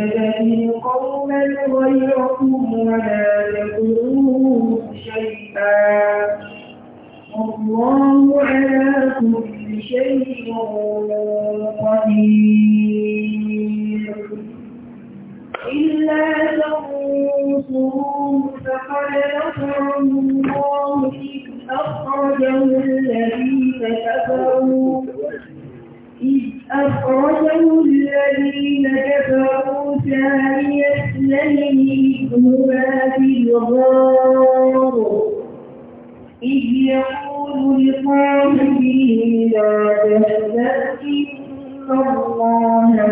يبتلي قوما غيركم ولا تدعوه شيئا والله على كل شيء قدير إلا تنصروه فقد نصره الله إذ أخرجه الذين كفروا أخرجه الذين كفروا ثاني اثنين هما الغار إذ يقول لصاحبه لا تحزن إن معنا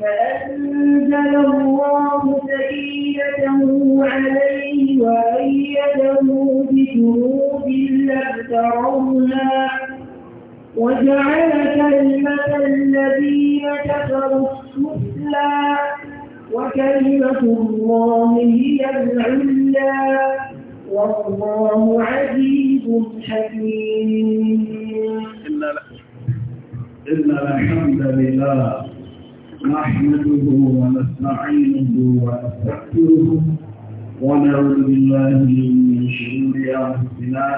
فأنزل الله سكينته عليه وأيده بجنود لم وجعل كلمة الذين كفروا السفلى وكلمة الله هي العلى والله عزيز حكيم إن الحمد لله نحمده ونستعينه ونستغفره ونعوذ بالله من شرور أنفسنا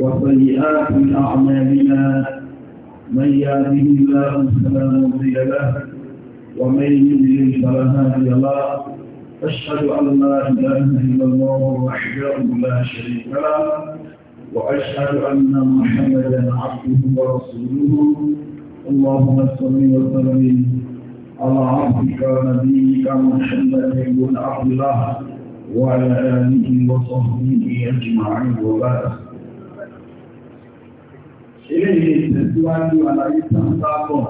وسيئات أعمالنا من يهده الله فلا مضي له ومن يضلل فلا هادي له أشهد أن لا إله إلا الله وحده لا شريك له وأشهد أن محمدا عبده ورسوله اللهم صل وسلم على عبدك ونبيك محمد بن عبد الله وعلى آله وصحبه أجمعين وبارك ilé ilé ìtẹ̀síwájú àlàyé sàmúlábọ̀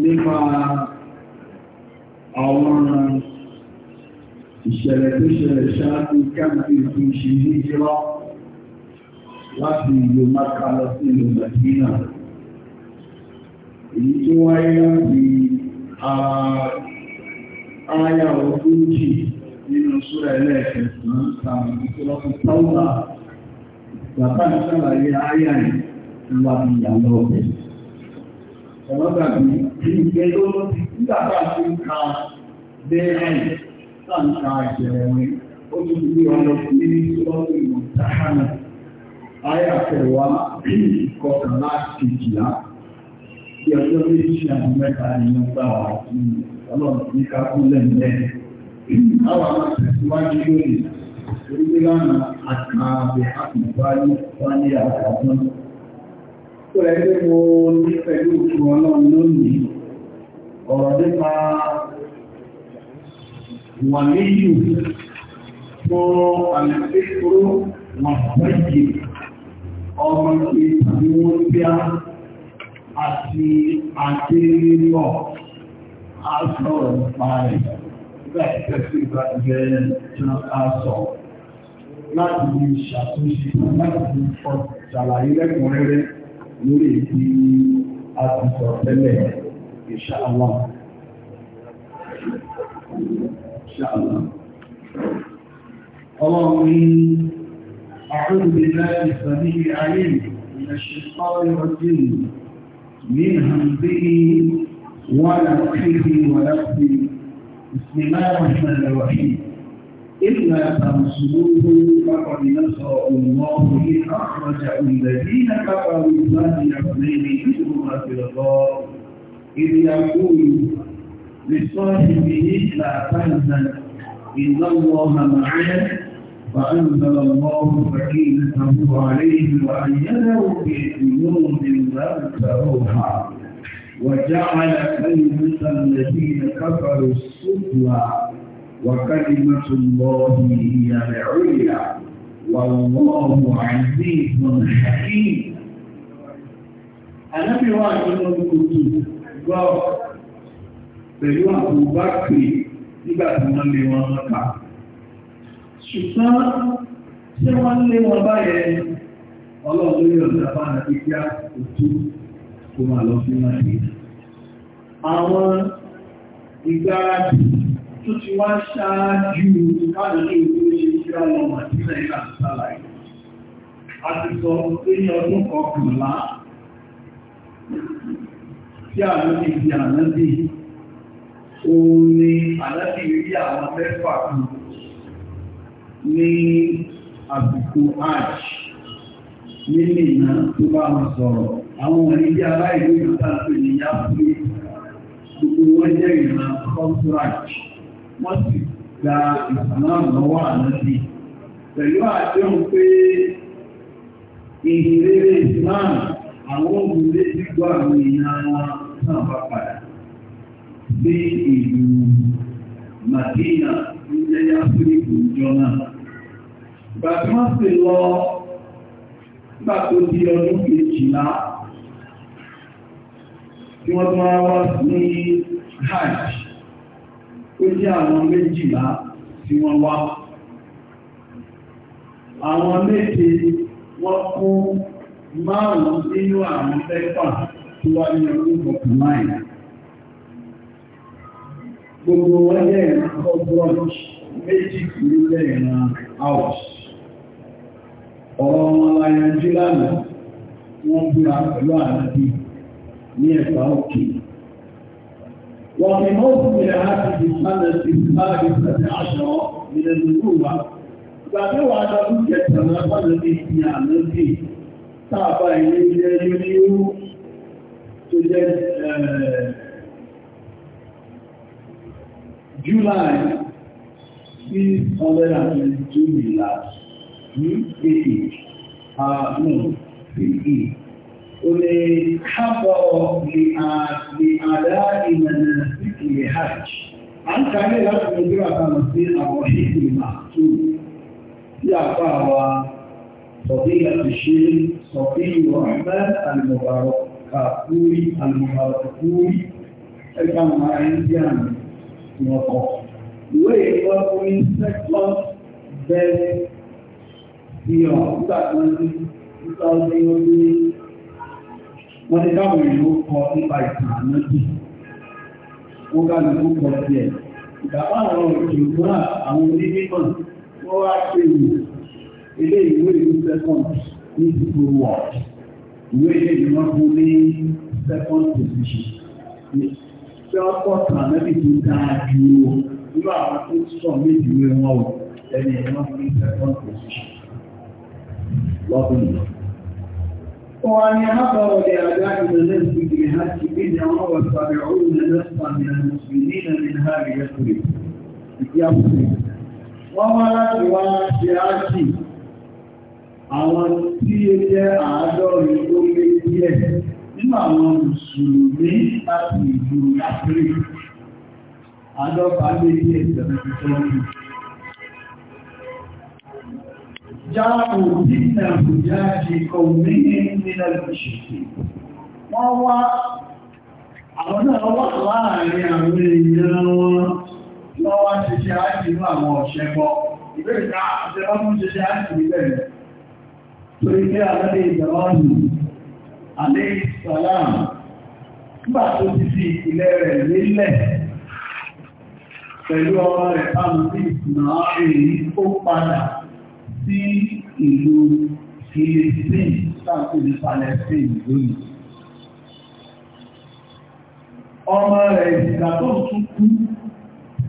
nípa àwọn ìṣẹ̀lẹ̀ tó ṣẹlẹ̀ ṣáájú káàkiri tó ṣe ní ìjọ́ láti ìlú maka lọ sí ìlú Nàìjíríà èyí tó wáyé láti ààyà ogójì nínú súra ẹlẹ́ẹ̀kẹsàn-án tàbí tó lọ́pọ̀ táwọn bàbá ń sàlàyé ayà yìí wà ní ìyàwó ọ̀bẹ̀. Ọlọ́gbà mi, ìgbẹ́ ló ló ti kí bàbá ti ń ka bẹ́ẹ̀ sáǹkà ìṣẹ̀lẹ̀ wọn. Ó ti fi ọ̀nà sí ní sọ́ọ̀tì ìmọ̀tàhánà. Ayà kẹwàá kọkànlá kejìlá. Bí ọjọ́ méjì àti mẹ́ta ìyẹn gbà wá sí ọlọ́run ní ká kú lẹ́nu lẹ́nu. Àwọn àwọn àtẹ̀síwájú lónìí orílẹ̀ lánàá àtàbí àtìbáyé wá ní àtàbí. Ó rẹ̀ pé mo ní pẹ̀lú òkú ọlọ́run lónìí, ọ̀rọ̀ nípa wà níyù fún àlẹ́fẹ́kúrú màfẹ́jì ọmọ ìtàbí wọ́n bíá àti àdérílọ̀ aṣọ́rọ̀ tí wọ́n á sọ̀rọ̀. láti fi ṣàtúnṣe láti fi fọ ṣàlàyé lẹ́kùnrẹ́rẹ́ lórí èdè àtúntọ̀ tẹ́lẹ̀ ìṣàlọ́. اللهم أعوذ بالله السميع العليم من الشيطان الرجيم من همزه ونفخه ونفخه بسم الله الرحمن الرحيم إلا تنصروه فقد نصره الله إذ أخرج الذين كفروا ثاني اثنين إذ هما في الغار إذ يقول لصاحبه لا تحزن إن الله معي فأنزل الله سكينته عليه وأيده بجنود لم تروها وجعل كلمة الذين كفروا السفلى وكلمة الله هي العليا والله عزيز حكيم Ànábì wà nínú kòtò gbọ́ pẹ̀lú àbúgbàpè nígbà tí wọ́n lé wọn lọ́ta. Ṣùgbọ́n tí wọ́n lé wọn báyẹn, ọlọ́run lórí ọ̀dọ́ bá nàbí kí á kòtò kó máa lọ sí máa dé. Àwọn ìgbáradì tó ti wá ṣáájú ìkádàlẹ́ ìlú ṣe kí á lọ mà sílẹ̀ ìlànà a ti sọ pé ní ọdún kọkànlá tí àwọn ti di ànábì òun ni ànábì rí àwọn mẹ́fà kan ní àbùkù arch nílé ìná tó bá wọn sọ̀rọ̀ àwọn onídé aláìlú ìgbàtà tó ní yá pé gbogbo wọn jẹ́ ìrìnà contract wọ́n sì gba ìsànán lọ́wọ́ ànábì pẹ̀lú àdéhùn pé ìrere islam àwọn òmìnirè ti àwọn èèyàn wọn náà bá padà sí ìlú Madina nílẹ̀ áfíríkì ìjọ náà. Bàbá wọn sì lọ nígbà tó di ọdún kejìlá hajj. ó jẹ́ àwọn méjìlá tí wọ́n wá àwọn méje wọ́n kó márùn-ún nínú àwọn mẹ́fà tó wá ní ọdún bọ̀kùnmáì gbogbo wọ́n jẹ́ ìran ọgbọ́n méjì nílẹ̀ ìran hours ẹ̀fà òkèèrè وفي موسم هذه السنة الثالثة عشرة من النبوة فهو على مكتب نقل الإسلام فيه تعبى إليه يليو تجد July 622 milad. Hmm? 80. Uh, no, 50. ولي حضر لأداء مناسك الحج عن كان لا تدرى تمثيل الرحيم المحسوب يعطاها فضيلة الشيخ صفي الرحمن المبارك كافوري المبارك كافوري كان معين جامع وقف ويقف من second best year 2000 wọ́n ti dáwọn ìlú kọ nípa ìtàn ànábì wọ́n bá lè kó kọ sí ẹ̀ ìdàpá àwọn òṣèlú náà àwọn onímọ̀ wọ́n wá ṣe ìwò ilé ìwé ìlú second ní ìdìbò world ìwé ilé ìwé fún ní second position tí wọ́n kọ́ tàn ànábì tó dáa ju o nínú àwọn tó sọ méjì wọn o ẹni ìwé fún ní second position lọ́dún yìí. وأن ينظروا لأداء النفس بالحج إنما والسابعون نصفا من المسلمين من هذه الكريم ìyàwó wọ́n wá láti wá ṣe áṣì àwọn tí ó jẹ́ àádọ́rin ó lé díẹ̀ nínú àwọn mùsùlùmí láti ìlú àfírí àádọ́fà lé díẹ̀ 77 jáàbò nínú ìyáàjì kọ̀wé nínú ìṣẹ̀kì. Wọ́n wá àwọn náà wà láàrin àwọn èèyàn wọn wọ́n wá ṣiṣẹ́ áìsì ní àwọn ọ̀ṣẹ́ bọ́. Ìbẹ̀rẹ̀ ká àti ọmọ ṣiṣẹ́ áìsì níbẹ̀ rẹ̀. Torí pé àlọ́dẹ̀ ìjọ̀ọ́nù, àlẹ́ ìsàlám, nígbà tó ti fi ìpìlẹ̀ rẹ̀ lélẹ̀ pẹ̀lú ọmọ rẹ̀ pàmò sí ìsìnà àárín ó padà sí ìlú Filistin sáàkó ní Palestine lónìí. Ọmọ rẹ̀ ìgbà tó tún kú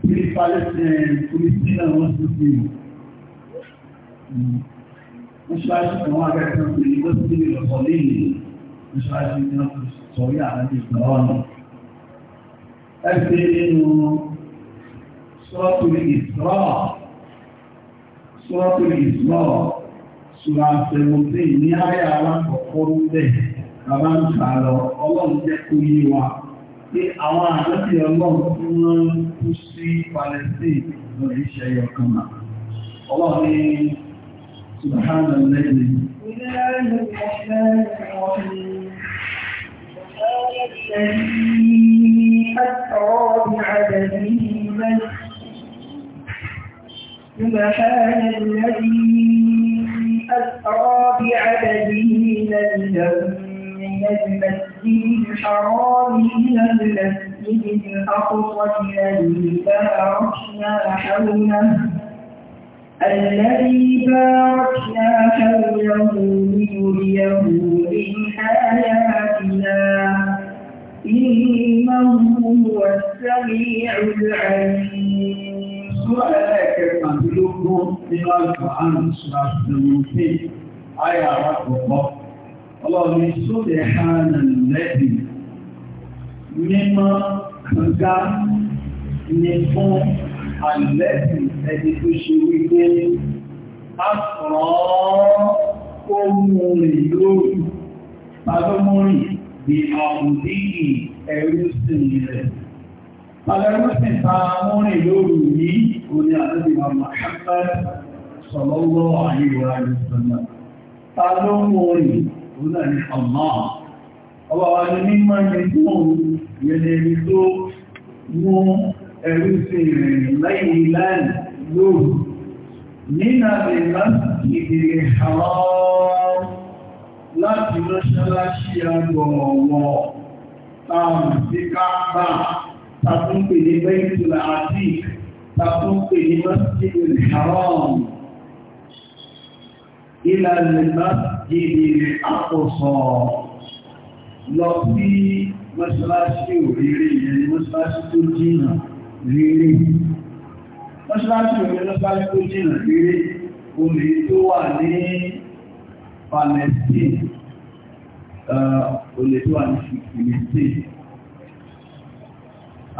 ní Palestina eh, wọ́n tún sí ìlú. Wọ́n ṣáájú kan wọ́n akẹ́kọ̀ọ́ pé ní wọ́n sí ìlú ọ̀pọ̀ lẹ́yìn wọ́n ṣáájú ní não, sọ̀rí àwọn ìgbà ọ̀nà. Ẹ sọ́ọ̀tún ìsúná ṣùgbọ́n àṣẹ̀mọ̀tì ní àyà alákọ̀ọ́kọ́ ń bẹ̀ bàbá ń kà lọ ọlọ́run jẹ́ àwọn àdọ́bí ọlọ́run tí wọ́n kú sí Palestine lórí iṣẹ́ yọkan mà ọlọ́run ní subhanahu wa ta'ala. الذي أسرى بعبده ليلا سبحان الذي أسرى بعبده ليلا من المسجد الحرام إلى المسجد الأقصى الذي باركنا حوله الذي باركنا حوله لنريه من آياتنا إنه هو السميع العليم Súra ẹlẹ́ẹ̀kẹrìnàdínlógún nínú àjọ àrùn ìṣúra ìrìnlẹ̀ ayà àwàkọ̀kọ́. Ọlọ́run sóde hànà lẹ́bì mímọ́ kànga ni fún àlẹ́bì ẹni tó ṣe wípé a sọ̀rọ̀ ó mú rìn lórí palomori di àwùdíyì ẹrú sí rẹ̀. Palomori ta lórí yìí oní àdúgbà Muhammad sallallahu alaihi wa sallam ta ló ń wọ ní oní àní ọmọ ọba wa ní mímọ́ ní fún yẹnẹ̀rí tó mú ẹ̀rú sí ìrìn lẹ́yìn lẹ́yìn lóòrùn nínà lè láti ìdèrè àwọn láti تقوم بالمسجد الحرام إلى المسجد الأقصى lọ sí mọ́ṣáláṣí òrèrè ìyẹn ni mọ́ṣáláṣí tó jìnà rere mọ́ṣáláṣí òrèrè mọ́ṣáláṣí tó jìnà rere olè tó wà ní Palestine uh, olè tó wà ní Palestine.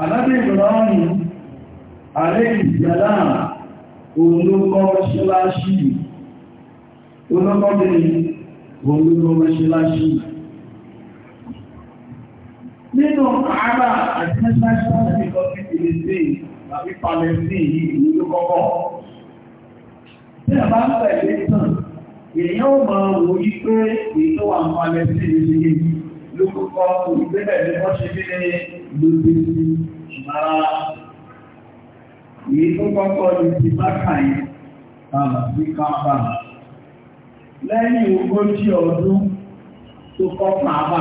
Àdájọ́ ìgbọ̀nà ọ̀rìn ààrẹ ìjàlá olókọ́ mọ́ṣáláṣí olókọ́ bẹ̀rẹ̀ olókọ́ mọ́ṣáláṣí nínú àárá àti mọ́ṣáláṣí láti lọ sí ìrètí tàbí palẹ̀sí yìí olókọ́kọ́ tí a bá ń pẹ̀lú ìtàn èèyàn ò máa wò yí pé ètò àǹfààní sí ìrètí lókọ́kọ́ ìgbébẹ̀ ní wọ́n ṣe bí lóde sí ìmára Èyí tó kọ́kọ́ ní ti mákà yìí, bàbà sí káàbà. Lẹ́yìn ogójì ọdún tó kọ́ káàbà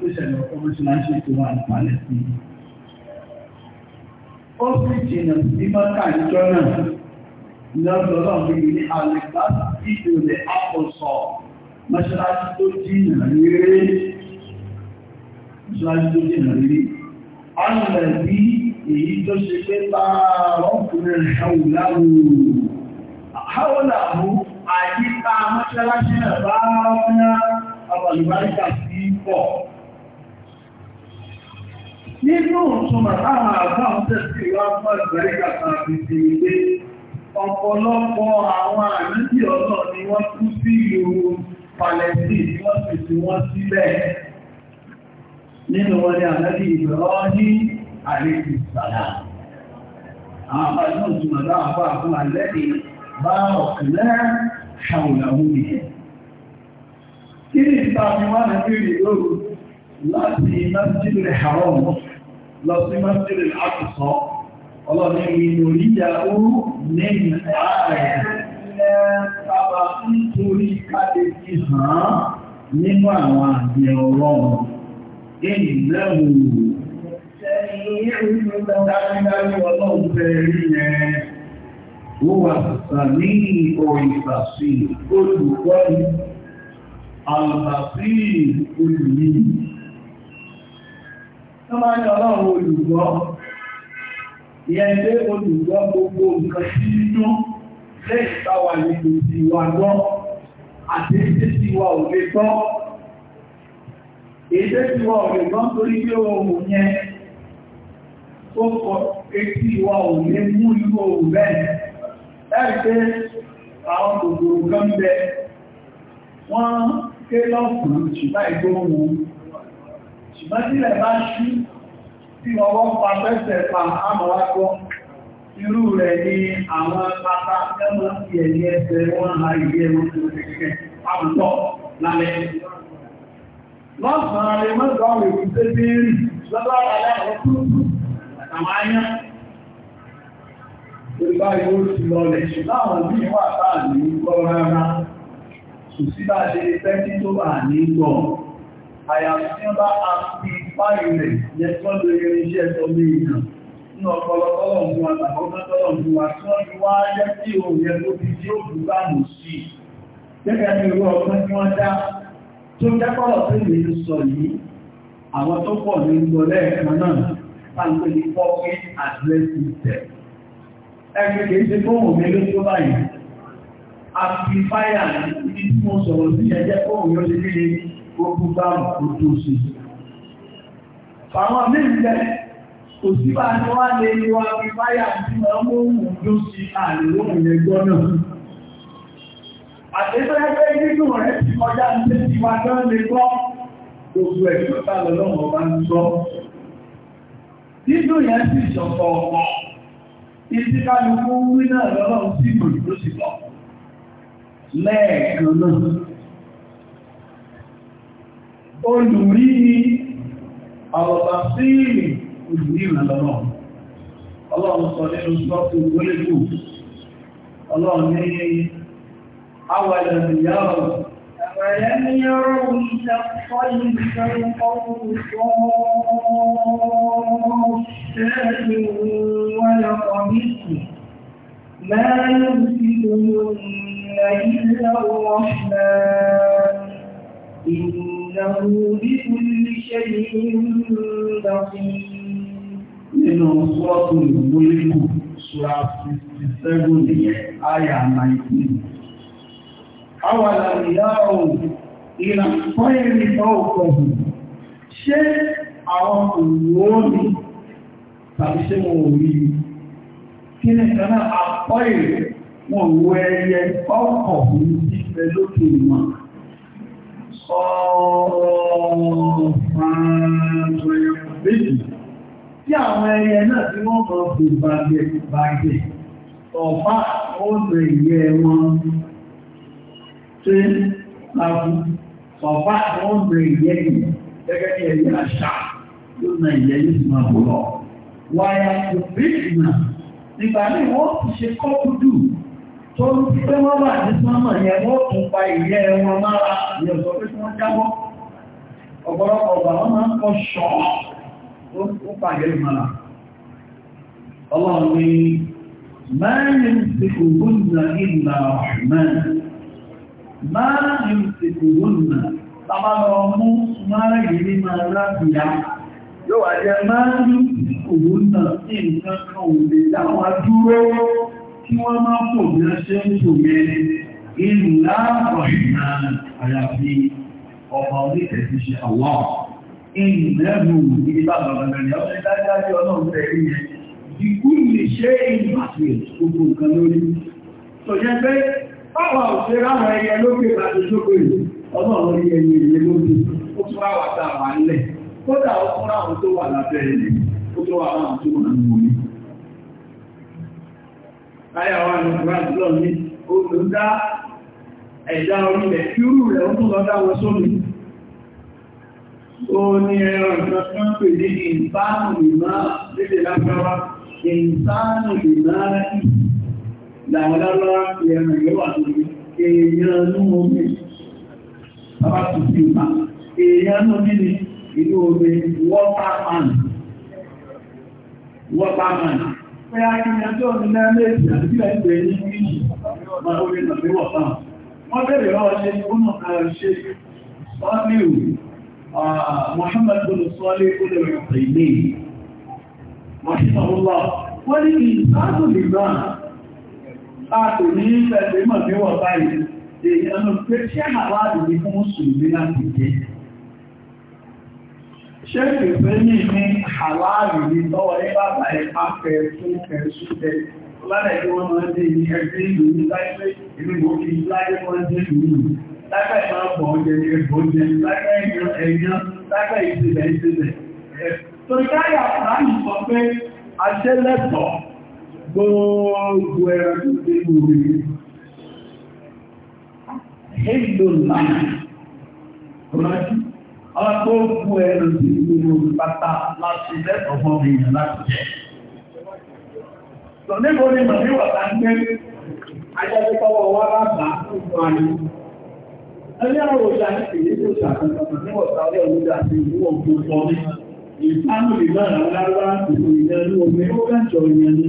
tó ṣẹlẹ̀ ọkọ̀ mọ́ṣáláṣí tó wà ní Palẹ́sìnì. Ó sì jìnà sí mákà ìjọ náà lọ́dọ̀ọ́dọ̀ bí i ní àlẹ́gbá sí ìdòlẹ̀ àpọ̀sọ̀ mọ́ṣáláṣí tó jìnà rere. Mọ́ṣáláṣí tó jìnà rere. Ọ̀nà bí èyí tó ṣe pé bá ọkùnrin ṣàwù láwùú àwọn àmú àyíká mọ́ṣáláṣí náà bá ọ́nà àbàlùbáríkà sí pọ̀ nínú ìtumọ̀ láwọn àbá ọ̀tẹ́ sí ìwà fún àgbàríkà kan àti ti ilé ọ̀pọ̀lọpọ̀ àwọn àníbì ọ̀nà ni wọ́n kú sí ìlú Palestine ni wọ́n sì sí wọ́n sílẹ̀ nínú wọn ni ànábì ìbẹ̀rọ ní àlékún sàlá. Àwọn àbá náà tún àdá àbá fún àlẹ́dì bá ọ̀kẹ́lẹ́ ṣàwùlàwù nìyẹn. Kí ni ìta fi wá ní bíbí lóru láti Masjidil Haram lọ sí Masjidil Aqsa ọlọ́ni ìrìnlórí ìyàwó ní ààrẹ ilẹ̀ nínú àwọn àgbẹ̀ ọlọ́run. Èyí lẹ́wọ̀n Wọ́wà sàmí ìkọ̀ìfàsí olùkọ́ni, àlùfàsí olùmí. Tọ́láyé ọlọ́run olùgbọ́, ìyẹn ilé olùgbọ́ gbogbo nǹkan sí inú lẹ́ìtàwà nínú ti wà gbọ́, àti ẹgbẹ́ ti wà òwe gbọ́. Èdè ti wà òwe gbọ́ yẹn ó kọ etí ìwà òní mú ìlú òun bẹ́ẹ̀ ẹ̀rí pé àwọn kòkòrò kan bẹ wọ́n ké lọ́sùn ṣùgbọ́n ìgbóhùn ṣùgbọ́n sílẹ̀ bá ṣú tí ọwọ́ pa pẹ́sẹ̀ pa àmọ́wákọ́ irú rẹ̀ ni àwọn pátá ti ẹ̀yẹ ẹsẹ̀ wọ́n ha ìgbé tó lálẹ́ lọ́sàn-án rẹ̀ kú àwọn ayán ìgbà yóò ti lọlẹ̀ ṣùgbọ́n bí wà táà ní gbọ́ rárá ṣùsíbà ṣe pẹ́kí tó bà ní gbọ́ àyàfí bá a fi fáyì rẹ̀ yẹ tó lè irinṣẹ́ tó lè ìyàn ní ọ̀pọ̀lọpọ̀lọ̀ fún wa tàbọ́tọ́lọ̀ fún wa tí wọ́n pọ̀ ní gbọ́ lẹ́ẹ̀kan náà pàǹpẹ́ ní fọ́kí àdírẹ́sì tẹ̀. Ẹgbẹ́ kìí ṣe fóònù mi ló tó báyìí. Amplifier ní tí mo sọ̀rọ̀ sí ẹjẹ́ fóònù yóò ṣe nílé ogun bá òtò sí. Fàwọn mílẹ̀ kò sí bá ní wá lè lo amplifier tí wọ́n mú òun tó sí àlùlóhùn yẹn gbọ́ náà. Àtẹ́fẹ́fẹ́ nínú rẹ̀ ti kọjá ní tí wá náà lè gbọ́ gbogbo ẹ̀kọ́ tá lọ́wọ́ bá ń gbọ́ nínú yẹn sì ṣọ̀pọ̀ ọ̀pọ̀ ìdí kálukú wí náà lọ́rọ̀ sí ìgbòjúdó sí lọ lẹ́ẹ̀kan náà olùrí ni ọ̀rọ̀bà sí ìrìn olùrí ìrànlọ́rọ̀ ọlọ́run sọ nínú sọ́ọ̀tù olóògbò ọlọ́run ní awàlẹ̀ ìyá ọ̀rọ̀ أفلم يروا إلى الطير فوقهم صافات ولقبته ما يمسكهن إلا الرحمن إنه بكل شيء بصير nínú sọ́ọ̀tún ìgbólékù sura 67 nìyẹn àyà 19 أولا يروا إلى الطير فوقهم شيء àwọn òwúrọ́nì tàbí ṣe wọn òwúrí kí ní kaná àpọ́ èrè wọn wọ ẹyẹ ọkọ̀ ní ìfẹ́ lókè ìmọ̀ ọ̀rọ̀ fàájọyọ̀ méjì tí àwọn ẹyẹ náà tí wọ́n mọ̀ fò bàjẹ́ bàjẹ́ ọ̀fà ó lè yẹ wọn tí láàbù ọ̀pá àwọn ọ̀bẹ̀ ìyẹ́ yìí gẹ́gẹ́ bí ẹ̀yẹ àṣà yóò na ìyẹ́ yìí sì máa bọ̀ lọ. Wàyà kò bí ìgbà nígbà ní wọ́n ti ṣe kọ́kúdù tó ń pẹ́ wọ́n wà ní sọ́mọ̀ yẹn wọ́n tún pa ìyẹ́ wọn mára ìyẹ́ sọ pé wọ́n jábọ́. Ọ̀pọ̀lọpọ̀ ọ̀gbà wọn máa ń kọ́ ṣọ́ ó pàgẹ́ ìmọ̀lá. Ọlọ́run ni, "Mẹ́rin ti kò gbóòdù máa ń ìsìnkú nà tàbá lọ mú márùn-ún ní máa rábìá yóò wà jẹ máa ń ìsìnkú nà sí nǹkan kan òde dáwà dúró kí wọ́n má pò ní ọṣẹ́ ń tò yẹ ìlà ọ̀rìnà àyàfi ọmọ onítẹ̀sí ṣe àwọ̀ ìlẹ́bù ìdíbà bàbàbàrẹ̀ ọ̀rẹ́ dájájọ́ ọlọ́run tẹ̀rí yẹn ìkú ìṣe ìgbàfẹ́ gbogbo nǹkan lórí tó yẹ pé Báwọn òṣè ráwọn ẹyẹ lókè láti ṣókò yìí, ọmọ àwọn orí ẹyẹ ìyẹ lókè, ó tún wá wàtà wà nílẹ̀. Kódà ó fún ráwọn tó wà lábẹ́ ilẹ̀, ó tún wà ráwọn tó wà nínú omi. Táyà wà ní Fúráǹsì lọ ní olùdá ẹ̀dá orílẹ̀ irú rẹ̀ ó tún lọ dáwọn sómi. Ó ní ẹ̀rọ ìtọ́jú pè ní ìbánu ìmáà lédè lágbára, ìbánu ìmáà làwọn lára ìrẹ̀mẹ̀ ìrẹ̀wà lórí èèyàn ní omi bàbá tó fi mà èèyàn ní omi ni ìlú omi waterman waterman pé a kì í ẹjọ́ ní náà méjì àti ìlẹ̀ ìgbẹ̀ ní ìjì máa orí tàbí wọ̀tá wọ́n bẹ̀rẹ̀ lọ́wọ́ ṣe fúnnà ara ṣe sọ́lẹ̀wò Muhammad bin Sọ́lẹ̀ olóòrùn ìlú Mọ̀ṣíṣàwọ́lá wọ́n ní ìsáàtò lè náà láti ní ìfẹ̀lẹ́ mọ̀ ní wọ̀ báyìí èèyàn ló pé ṣé àwárí ní fún mùsùlùmí láti jẹ é ìfẹ́ ní ní àwárí ní tọ́wọ́ ní bàbá ẹ̀ pàfẹ́ fún ẹ̀sùn tẹ lálẹ́ tí wọ́n máa ń dé ní ẹgbẹ́ ìlú ní láìpẹ́ ìlú ìwọ̀n fi láyé wọ́n dé ìlú láìpẹ́ máa bọ̀ ọ̀jẹ̀ ní ẹ̀bọ̀ ọ̀jẹ̀ láìpẹ́ ẹ̀yàn ẹ̀yàn láìpẹ́ ìṣẹ̀lẹ̀ ìṣẹ̀lẹ̀ torí káyà fúnra nìkan pé aṣẹ́lẹ̀tọ̀ọ́ gbogbo ẹran tó dé lórí ìdòlá ọ̀rájú ọgbogbo ẹran tó dé lórí pátá láti lẹ́tọ̀ fún ọmọ èèyàn láti jẹ́ lọ nígbò ní mọ̀ ní wọ̀ta ń gbé ajẹ́gbẹ́kọ́wọ́ wá lábà fún ààrẹ ẹlẹ́ àwòṣà ní èyí tó ṣàkóso ní wọ̀ta ọlẹ́ òwúdà sí ìwọ̀n gbogbo ọmọ ìfánù ìgbà àwọn ará ìlú ìdẹ́rú omi ó bẹ́ẹ̀ ìyẹn ní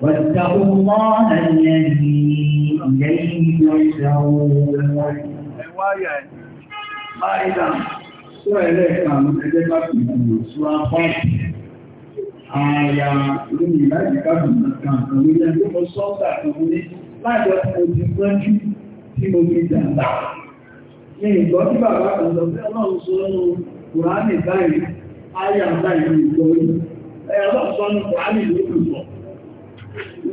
واتقوا الله الذي إليه تحشرون Báyìí sọ ẹlẹ́ẹ̀kan lórí ìlàjì káàkiri kan àwọn ilẹ̀ tó mọ́ sọ́ọ̀tà kan ní láìjọ mo ti gbọ́njú tí mo fi dàgbà. Ní ìgbọ́ tí bàbá kan sọ ọlọ́run sọ nínú Kùránì báyìí, ààyà báyìí ìgbọ́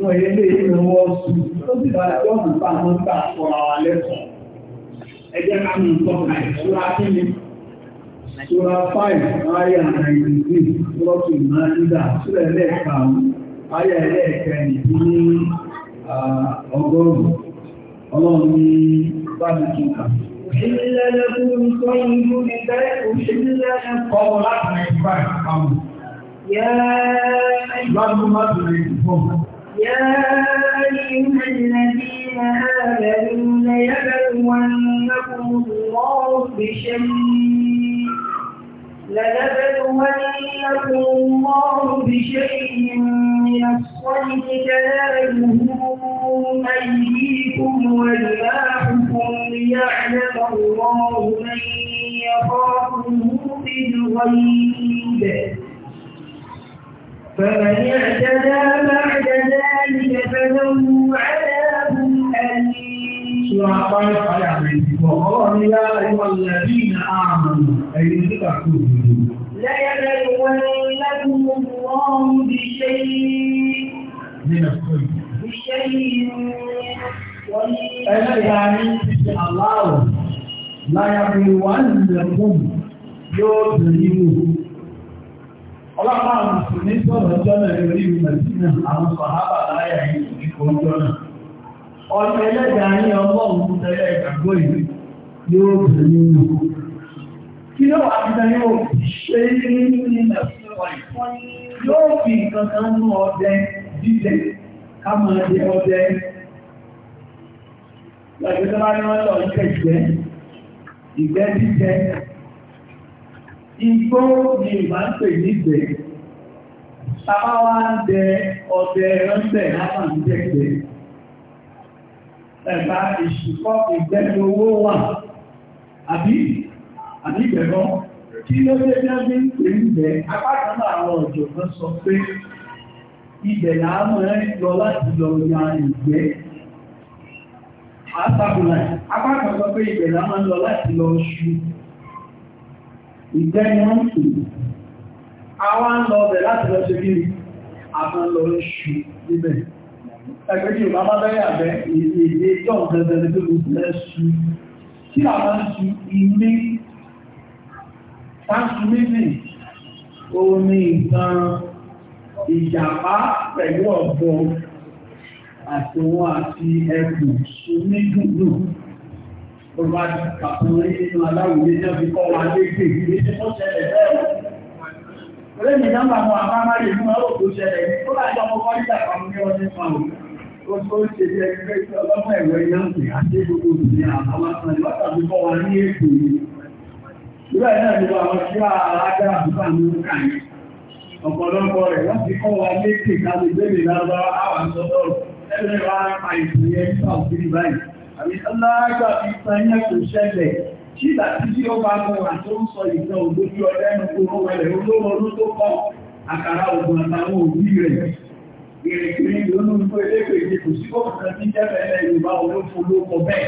Wọ́n ilé ìrànwọ́ sùn tó sì dára yọ́ mú bá wọn gbà fọ́ra wa lẹ́kọ̀ọ́. Ẹ jẹ́ ká mú nǹkan náà ìṣúra kí ni. Ṣúra 5, Aya 93, Rọ́tù Ìmánídà, Ṣúrẹ̀ lẹ́ẹ̀kàrún, Aya ẹlẹ́ẹ̀kẹrin ní ọgọ́rùn-ún. Ọlọ́run ní bá mi tún kà. Ìṣílẹ̀ lẹ́kùn sọ ìlú ní bẹ́ẹ̀ òṣèlú Kọ́wọ́ láti 95 àmì. Yẹ́ ẹgbàgbọ́n láti 94. yeah. máa jẹ ọjẹ́ lọ́jọ́ tó bá ní wọ́n lọ ìkẹ̀jẹ́ ìgbẹ́ jíjẹ igbó ni ìmá ń pè nígbẹ̀ tàbá ń jẹ ọjẹ́ ránṣẹ́ láwọn ìjẹ́gbẹ̀ ẹ̀bá ìṣùkọ́ ìgbẹ́ni owó wà àbí àbí ìgbẹ̀gbọ́n kí ló dé bí wọ́n fi ń pè nígbẹ̀ apá kan náà àwọn ọ̀jọ̀gbọ́n sọ pé ibẹ̀ láàmù rẹ̀ lọ láti lọ ya ìgbẹ́ àtàkùnlẹ̀ apákanlọ pé ibẹ̀ láàmù lọ láti lọ ṣu ìgbẹ́ ni wọ́n tù àwọn ń lọ bẹ̀ láti lọ ṣe gírí àwọn lọ ṣu níbẹ̀ ẹgbẹ́ tí òun bá bẹ́rẹ̀ àbẹ́ èdè tó ń gẹ́gẹ́ tó lù lẹ́ ṣu tí àwọn ṣu ilé táṣu méjì òun ni ìtàn ìjàpá pẹ̀lú ọ̀bọ àtòwọn àti ẹkùn onídùúdù tó bá kàkún nínú aláwòye náà fi kọ́ wa léde ìdílé tí wọ́n ṣẹlẹ̀ bẹ́ẹ̀. Olóòmì nọ́mbà mọ àbámáyé fún ọ̀rọ̀ tó ṣẹlẹ̀ ní kó láti ọmọ kọ́ nígbà kan ní ọdún kan ó tó ń ṣe bí ẹgbẹ́ tí ọlọ́pàá ẹ̀rọ iná ń pè àti gbogbo òṣìṣẹ́ àwọn àtàlẹ́ wọ́tàbí kọ́ wa ní èkó yìí. Ìgbà náà ni wọ́n àwọn tí wọ́n á ọ̀pọ̀lọpọ̀ rẹ̀ láti kọ́ wa léèkè káàdì bẹ́ẹ̀lì lára àwọn sọ́dọ̀ ẹgbẹ́ wa àìsàn yẹn nípa òfin báyìí àbí aláàgbà fi sáyẹ́ kò ṣẹlẹ̀ nígbà tí tí ó bá mú àti ó ń sọ ìgbà òdójú ọdẹ ẹnu kó ó wẹlẹ̀ olówó ọdún tó kọ́ àkàrà ògùn àtàwọn òbí rẹ̀ ìrìnkiri lónú ikú eléèkè ìdí kò sí kókò kan tí jẹ́ bẹ́ẹ̀ Yorùbá olófo olóko bẹ́ẹ̀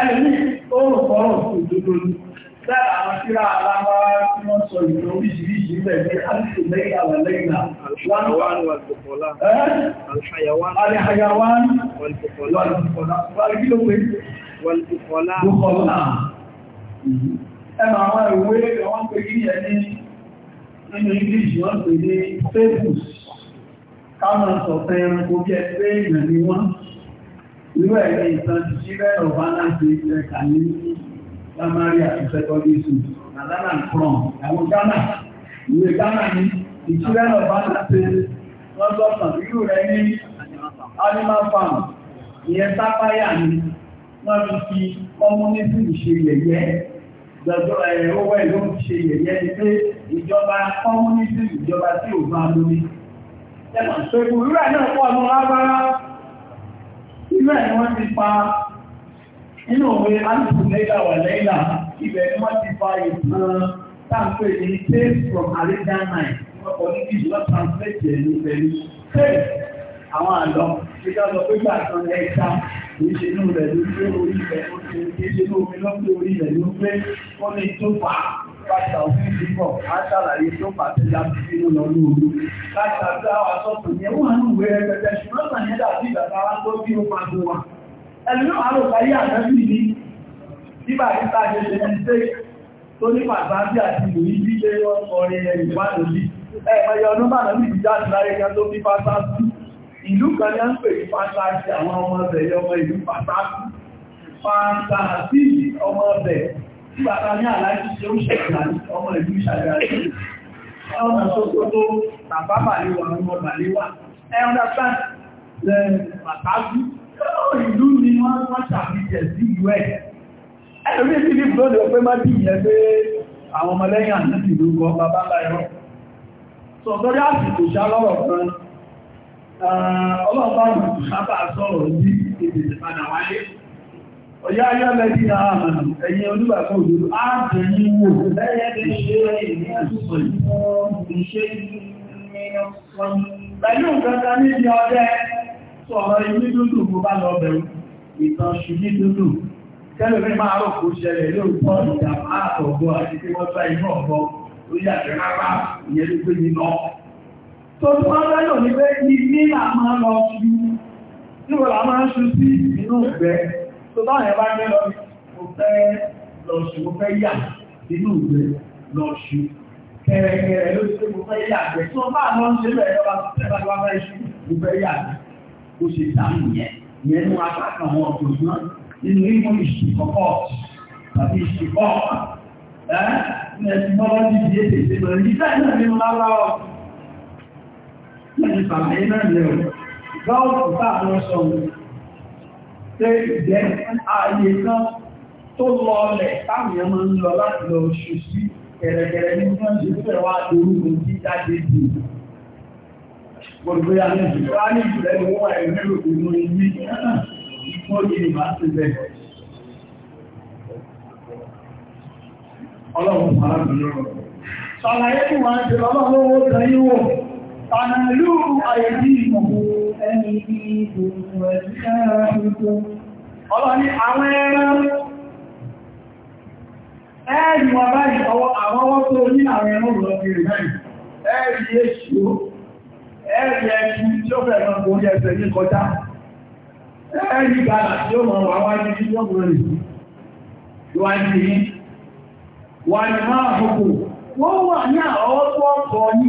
ẹlùmí oòrùn fọ́rùn sí òdòdó ní lára àwọn tíra aláwárá tí wọ́n sọ ìlú oríṣiríṣi rẹ̀ ní àìsù lẹ́yìn àwọn lẹ́yìn Ẹmà àwọn ìwé àwọn pè ní ẹni nínú English wọ́n pè ní Fables, Cameron sọ̀tẹ̀ ẹranko bí ẹgbẹ́ ìrìn ni wọ́n Irú ẹ̀rí ìtàn ti ṣí bẹ́ẹ̀rọ bá láti ilẹ̀ kà ní Lámárì àti Sẹ́kọ́dí Sùn, Nàdánà Kron, àwọn Ghana, ìwé Ghana ní ìṣúrẹ́rọ bá láti lọ́sọ̀tàn irú rẹ̀ ní Animal Farm, ìyẹn sápáyà ní wọ́n fi fi communism ṣe yẹ̀yẹ́. Ìjọba ẹ̀rọ ló ń ṣe yẹ̀yẹ́ ni pé ìjọba communism ìjọba tí ò bá lórí. Ẹ̀mọ̀ pẹ̀lú ìrú ẹ̀ náà pọ̀ Irú ẹ̀ ni wọ́n ti pa nínú òwe Alùpù Lẹ́yà wà lẹ́yà, ibẹ̀ ni wọ́n ti pa ìtàn táǹpẹ̀ ní Tales from Arabian Night. Wọ́n kọ́ ní bí ìjọba translate ẹ̀ ní pẹ̀lú Tales àwọn àlọ́. Ìjọba sọ pé gbà kan ẹ̀ka kìí ṣe inú rẹ̀ ló gbé orí rẹ̀ ló gbé, kìí ṣe inú omi ló gbé orí rẹ̀ ló gbé, wọ́n ní tó fà á. Káṣà òfin ìdíkọ̀, aṣàlàyé tó pàtẹ́jà sí lọ lóòrùn. Káṣà tí a wà sọ́tò ní ẹwọ́n àánú ìwé ẹgbẹ̀tẹ̀ ṣùgbọ́n mà ní dàbí ìgbàgbà wá tó bí ó máa gbọ́ wa. Ẹni náà àrò parí àtẹ́bí ní nígbà tí ta ṣe ṣe ní ṣe tó ní pàtàkì àti ìlú yìí gbígbé wọn kọrin ẹ̀yìn wá lórí. Ẹ̀ẹ̀mọ̀yọ ọdún bá lọ́nà ìdíjà ti láyé kan tó fi pátákì. Ìlú kan ní à ń pè ní pátákì àwọn ọmọ ọbẹ̀ ọmọ ìlú pátákì. Pátákì ọmọ ọbẹ̀ Nígbàtà ní àláìsí ṣe ó ṣẹ̀dá ọmọ ìlú ìṣàdá rẹ̀. Ọmọ ṣogbogbo bàbá bàlíwà ọmọ bàlíwà. Ẹ ọ̀dọ́ta lẹ màtájú. Ìlú ni wọ́n ṣàfihẹ̀ sí ìlú ẹ̀. Ẹ̀rí sí ní bọ́ọ̀lù ọpẹ́ má bí ìyẹn pé àwọn ọmọlẹ́yìn àti ìlú kọ bàbá láìrọ́. Sọ̀tọ́rí àsìkò ṣá lọ́rọ̀ kan. Ọlọ́pàá Ọ̀yá ayọ́lẹ̀ bí na àmàrà ẹ̀yìn olúbàkọ́ òdòdó, á bẹ̀yìn wò lẹ́yẹ́ bí ṣe èyí àtúkọ̀ ìṣe ìrìnà wọn. Pẹ̀lú ìgbẹ̀ta níbi ọdẹ́ sọ̀rọ̀ ilé dúdú kó bá lọ bẹ̀rù, ìtàn ṣùgbí dúdú. Kẹ́lẹ̀ mi máa rò kó ṣẹlẹ̀ lóòpọ̀ ìjàmà àtọ̀gbọ́ àti pé wọ́n bá inú ọ̀gbọ́ lórí àjẹ́rápá ìyẹn ló gbé mi lọ. Tó tó máa lẹ́yọ̀ ní pé ní ní àmà lọ ṣu, níwọ̀n la máa ń ṣu sí inú ìgbẹ́ tó táwọn ẹ̀bá ní lọ mo fẹ́ lọ́ṣù mo fẹ́ yà nínú rẹ̀ lọ́ṣù kẹrẹkẹrẹ ló ṣe mo fẹ́ yà rẹ̀ tí wọ́n bá lọ ń ṣe bẹ̀rẹ̀ lọ́wọ́ tẹ́lá ló wá fẹ́ ṣú mo fẹ́ yà rẹ̀ ó ṣe dàmú yẹn yẹn mú apá kan wọn tó ná nínú ìmọ̀ ìṣìkọ́kọ́ tàbí ìṣìkọ́ ẹ́ ní ẹ̀sìn bọ́lá ti di ètè ìṣèlú ìṣẹ́ náà tẹ́ ìjẹ́ ààyè kan tó lọ ọlẹ̀ táwọn ẹmọ ń lọ láti lọ ṣù sí kẹ̀rẹ̀kẹ̀rẹ̀ ní wọ́n ti fẹ́ wá dorúkọ tí jáde jù gbogbo ya ní ìjọba ní ìjọba ìwọ́n ẹ̀rọ ìlú ìlú ìfọ́jú ìbá ti bẹ̀ ọlọ́run arábìnrin rọ̀ sọ̀rọ̀ ayé tí wọ́n ti lọ́lọ́wọ́ tẹ̀yíwò tànàlú àyẹ̀dí ìmọ̀ أيديكم وجناحكم ọlọ́ni àwọn ẹran ẹ́ẹ̀rì wọn báyìí ọwọ́ àwọ́wọ́ tó ní àwọn ẹran lọ báyìí ẹ́ẹ̀rì èṣù ẹ́ẹ̀rì ẹ̀kú tí ó fẹ́ mọ́ mọ̀ wà wáyé ní ọgbọ̀rẹ̀ ìwájú yìí wà ní máa fòkò wọ́n wà ní tó ọkọ̀ ní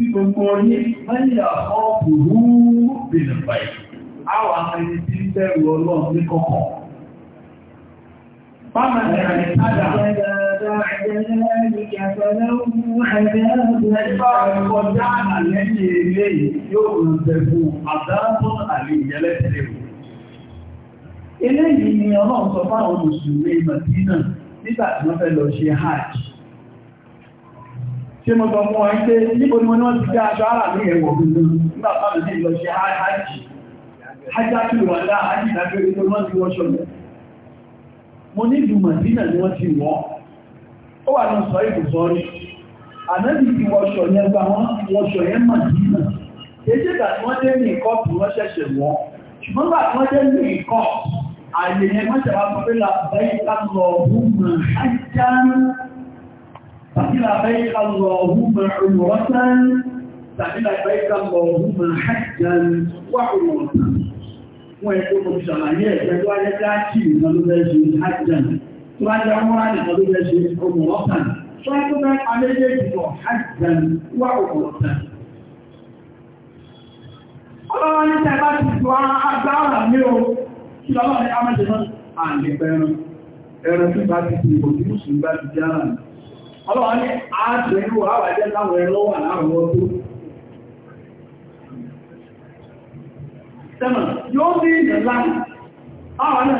sí gbogbo yí mẹ́yà ọkùnrú bìnàpá àwọn amẹni tí ń bẹ̀rù ọlọ́run ní kọ̀kọ̀. Eléyìí ni ọlọ́run sọ fáwọn Mùsùlùmí Màdínà nígbà tí wọ́n fẹ́ lọ ṣe hajj. ṣe mọ́ sọ fún ọ̀rẹ́ pé níbo ni wọ́n ti dá aṣọ ara ní ẹ̀wọ̀ gbogbo nígbà bá lè lọ ṣe hajji hajjáki wàdá hajji lágbẹ́rẹ́ tó wọ́n ti wọ́ṣọ́ lẹ́ mo ní ìlú Màdínà ni wọ́n ti wọ́ ó wà ní sọ ìbùsọ́ rí ànábì ti wọ́ṣọ́ yẹn gba wọ́n ti wọ́ṣọ́ yẹn Màdínà kéjé gbà فإلى بيك اللهم عمرة فإلى بيك اللهم حجا وعمرة ويقولون شمالية فإلى تأتي من الله حجا فإلى عمرة من الله عمرة فإلى بيك حجا وعمرة يكون tẹ bá ti tọ́ agbára ní o, kí lọ́wọ́ ni a mẹ́jẹ̀ náà, a يكون bẹ̀rẹ̀ ẹ̀rẹ̀ tí bá ti ti ìbòjú sí bá ti járà ní. ọlọ́wọ́ ní ààtò inú àwàjẹ́ láwọn ẹ̀rọ wà láwọn ọdún sẹ́mọ̀ yóò ní ìdẹ̀lá àwọn ní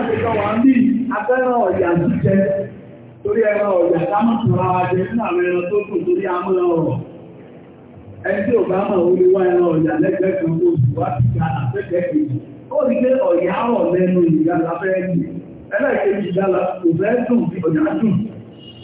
abẹ́rẹ̀ ọ̀yà jíjẹ torí ẹ̀rọ ọ̀yà sámọ́tùnra wájẹ́ nínú àwọn ẹran tó torí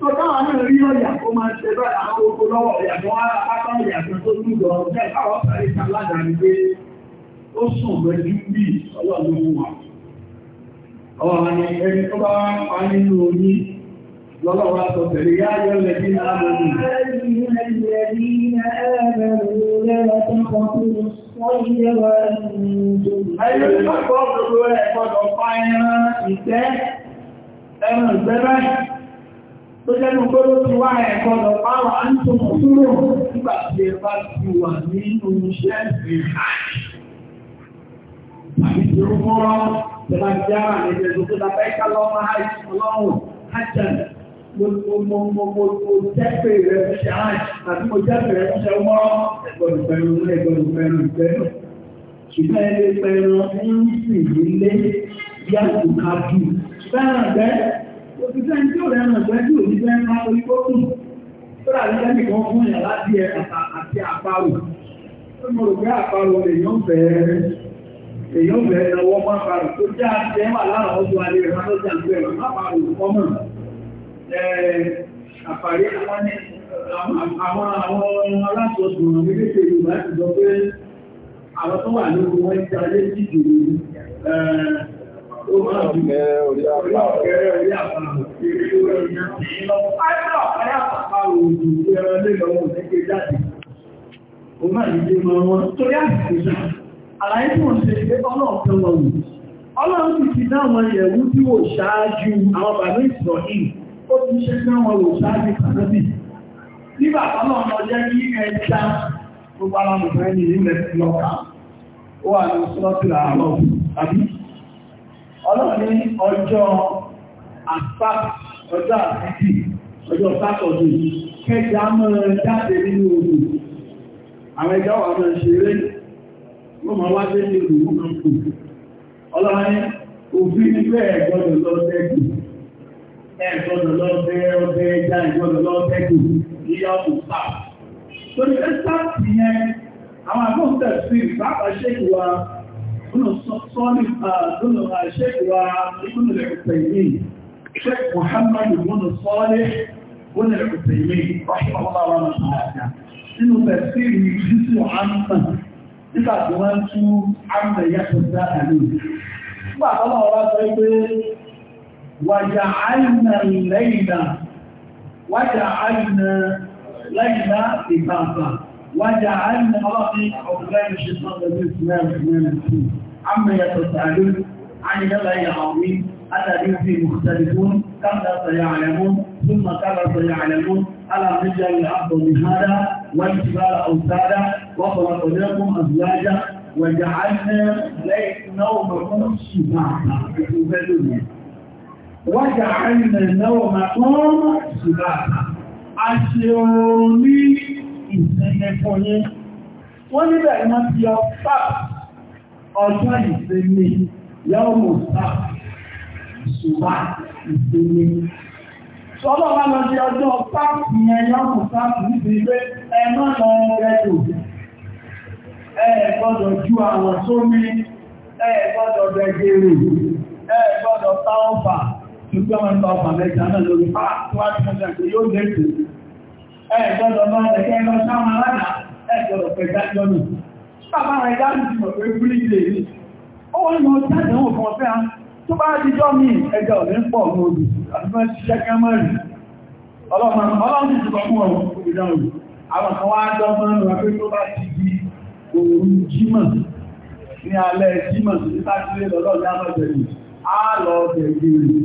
tó táwọn náà rí ọ̀yà kó máa ṣe bá àwọn oko lọ́wọ́ ọ̀yà mọ́ ara pápá ọ̀yà kan tó lúgọ ọ̀jẹ́ káwọ́ parí sàládà ní pé ó sùn lójú bí ọlọ́run wà ọ̀rọ̀ ni ẹni tó bá pa nínú oyin lọ́lọ́wọ́ sọ tẹ̀lé yá yọ lẹ́bí náà lórí Ẹ̀yọ́ ìgbàgbọ́ gbogbo ẹ̀kọ́dọ̀ fáyán ìgbẹ́, ẹ̀rùn ìgbẹ́ báyìí tó jẹ́nu pé ó ti wá ẹ̀kọ́ lọ páwà ń tó mú súnmọ́ nígbà tí ẹ bá ti wà nínú iṣẹ́ ìrìn àti tí ó mọ́rọ́ tẹ́lá jẹ́ àwọn ẹgbẹ́ tó tẹ́lá bẹ́ẹ̀ ká lọ́ máa ọlọ́run ájẹ́ gbogbogbogbo jẹ́pẹ̀ rẹ̀ ń ṣe àájì àti mo jẹ́pẹ̀ rẹ̀ ń ṣe mọ́rọ́ ẹgbọ́dù pẹ̀lú ẹgbọ́dù pẹ̀lú ìgbẹ́nu ṣùgbọ́n ẹgbẹ́ pẹ̀lú ń sì nílé yàtò kájú bẹ́ẹ̀ Òṣìṣẹ́ tí ò rẹ̀rùn ẹ̀gbẹ́ tí ò ní fẹ́ máa orí kó kù. Tọ́lá ní ẹnì kan fún ìyà láti ẹ àti àparò. Ó mọ̀ rò pé àparò èèyàn fẹ́ẹ́ èèyàn fẹ́ẹ́ lọ́wọ́ máa parò tó já jẹ́ wà lára ọdún alẹ́ rẹ̀ máa lọ́jà ń bẹ̀rẹ̀ máa parò ọmọ. Àpàrí àwọn àwọn aláṣọ́sùn ọ̀nà méjèèjì Yorùbá ti sọ pé àwọn tó wà lórí wọn ń jalè Àlàyé tí wọ́n ṣe ṣe ọlọ́run tó lọ wù. Ọlọ́run ti ti dáwọn ẹ̀wú tí wò ṣáájú àwọn bàbá ìsọ̀ yìí, ó ti ṣe dáwọn wò ṣáájú kànábì. Nígbà ọlọ́run ọjẹ́ kí ẹja gbogbo alámùfẹ́ ní ilẹ̀ lọ́ka, ó wà ní sọ́tìlà àlọ́ ọlọ́run ní ọjọ́ àpá ọjọ́ àpìtì ọjọ́ sátọ̀dù kẹjà mọ́rẹ̀ jáde nínú odò àwọn ẹjọ́ wà mọ́ ṣeré mọ́ mọ́ wá dé ní olùkú kan kù ọlọ́run òfin ní bẹ́ẹ̀ gbọ́dọ̀ lọ tẹ́kù ẹ̀ gbọ́dọ̀ lọ bẹ́ ọbẹ̀ ẹja ìgbọ́dọ̀ lọ tẹ́kù ní ọ̀pù pa torí ẹ́sà tìyẹn àwọn àgbọ̀ǹtẹ̀ sí ìpápá ṣèkù wa Sheikh Muhammad ibn Salih ibn al-Uthaymeen rahimahullah wa ta'ala nínú tafsir ìjísí ọ̀hánà nígbà tí wọ́n tú àmà yàtọ̀ sí àdánù nígbà tó wọ́n wá sọ pé wàjà àìnà lẹ́yìnà wàjà وجعلنا رأي أولاد الشيطان الإسلام إمام الدين عما يتساءلون عن الذي عظيم الذين فيه مختلفون كما سيعلمون ثم كما سيعلمون ألا نجعل العبد مهادا والجبال أوتادا وخلقناكم أزواجا وجعلنا ليس نومكم سباتا وجعلنا نومكم سباتا أشعروني ìsinmi fún yín wọ́n níbẹ̀ ìmọ̀ ti yọ sáà ọjọ́ ìsinmi yọ́ mọ̀ sáà ìṣùgbà ìsinmi Sọ́lọ́ máa lọ sí ọjọ́ sáàpù yẹn yọ́kùn sáàpù níbi ilé ẹ̀nà lọ ẹ̀dò. Ẹ gbọ́dọ̀ ju àwọn sómi, ẹ gbọ́dọ̀ bẹ̀gẹ̀rẹ̀, ẹ gbọ́dọ̀ táọ́fà, ṣùgbọ́n ẹ̀ta ọfà mẹ́ta náà lórí pàá tó wá ẹ̀gbọ́dọ̀ máa ẹ̀kẹ́ lọ sáwọn alága ẹ̀gbọ́dọ̀ pẹ̀já lọ́nà. Bàbá rẹ̀ dájú ti mọ̀ pé búrí ilé rí. Ó wọ́n mọ̀ jáde wọn kan fẹ́ hàn tó bá jíjọ́ mi ẹjọ́ ní pọ̀ mọ́ òbí àti fẹ́ ṣiṣẹ́ kẹ́mọ́rì. Ọlọ́run ti ti kọ́ fún ọ̀rọ̀ ìdáhùn. Àwọn kan wá jọ máa ń rà pé tó bá ti di òun jímọ̀ ní alẹ́ jímọ̀ sí sátidé lọ́lọ́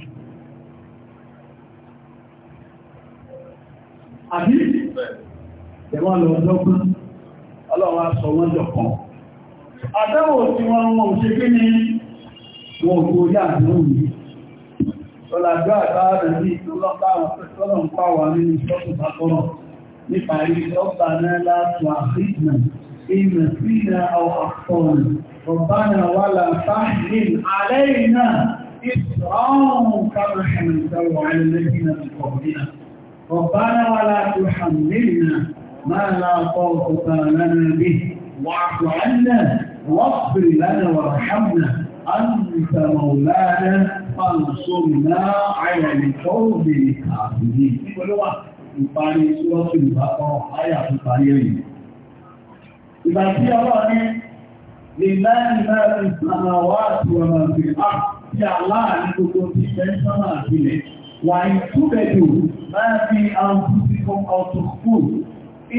àbí ẹ̀wọ́n lọ lọ́gbọ́n ọlọ́wà sọ wọ́n jọ kan àdáwò tí wọ́n mọ̀ ṣe kí ni wọ́n kò yà lóòrùn ọlàjọ́ àbáàrẹ̀ ní ìtọ́lọ́pàá ربنا ولا تحمل علينا إسرارا كما حملته على الذين من قبلنا ربنا ولا تحملنا ما لا طاقة لنا به واعف عنا واغفر لنا وارحمنا أنت مولانا فانصرنا على القوم الكافرين ìparí sọ́ọ̀tù ìbákan ayà tó parí ẹ̀yìn. Ìgbà tí ọwọ́ ní lè láàrin láàrin àmàwà àti ọmọ ìgbà tí aláàrin gbogbo ti fẹ́ sọ́nà àbílẹ̀ wàìtúbẹ̀dù máa fi àwọn òṣìṣẹ́ ọ̀tọ̀kù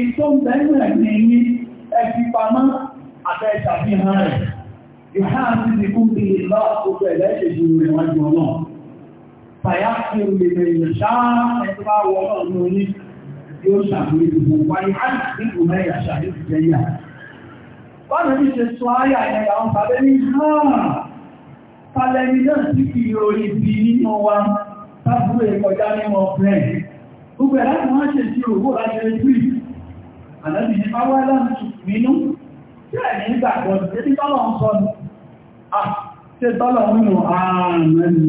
ìtò bẹ̀rẹ̀ ní ní ẹfipamá àtẹ́sàfihàn rẹ̀ ìhá àti ìdíkún ti lè bá ọkọ̀ ẹ̀lẹ́ṣẹ̀ ju ìrìnàjò náà tàyà tí ó lè bẹ̀rẹ̀ sáà ẹ̀tọ́bá wọ náà ní oní yóò ṣàfihàn ìdìbò wáyé àti ìdìbò mẹ́yà ṣàfihàn Bọ́nà ní ṣe sọ tábúrú ẹ̀kọjá ní wọn bẹ̀rẹ̀ gbogbo ẹ̀ láti wọ́n ṣe sí òwò láti ẹjú ì àlẹ́bì ní máa wá láti nínú tí ẹ̀ ní gbàgbọ́ tí tọ́lọ̀ ń sọ ní à tí tọ́lọ̀ nínú ààrùn ẹnu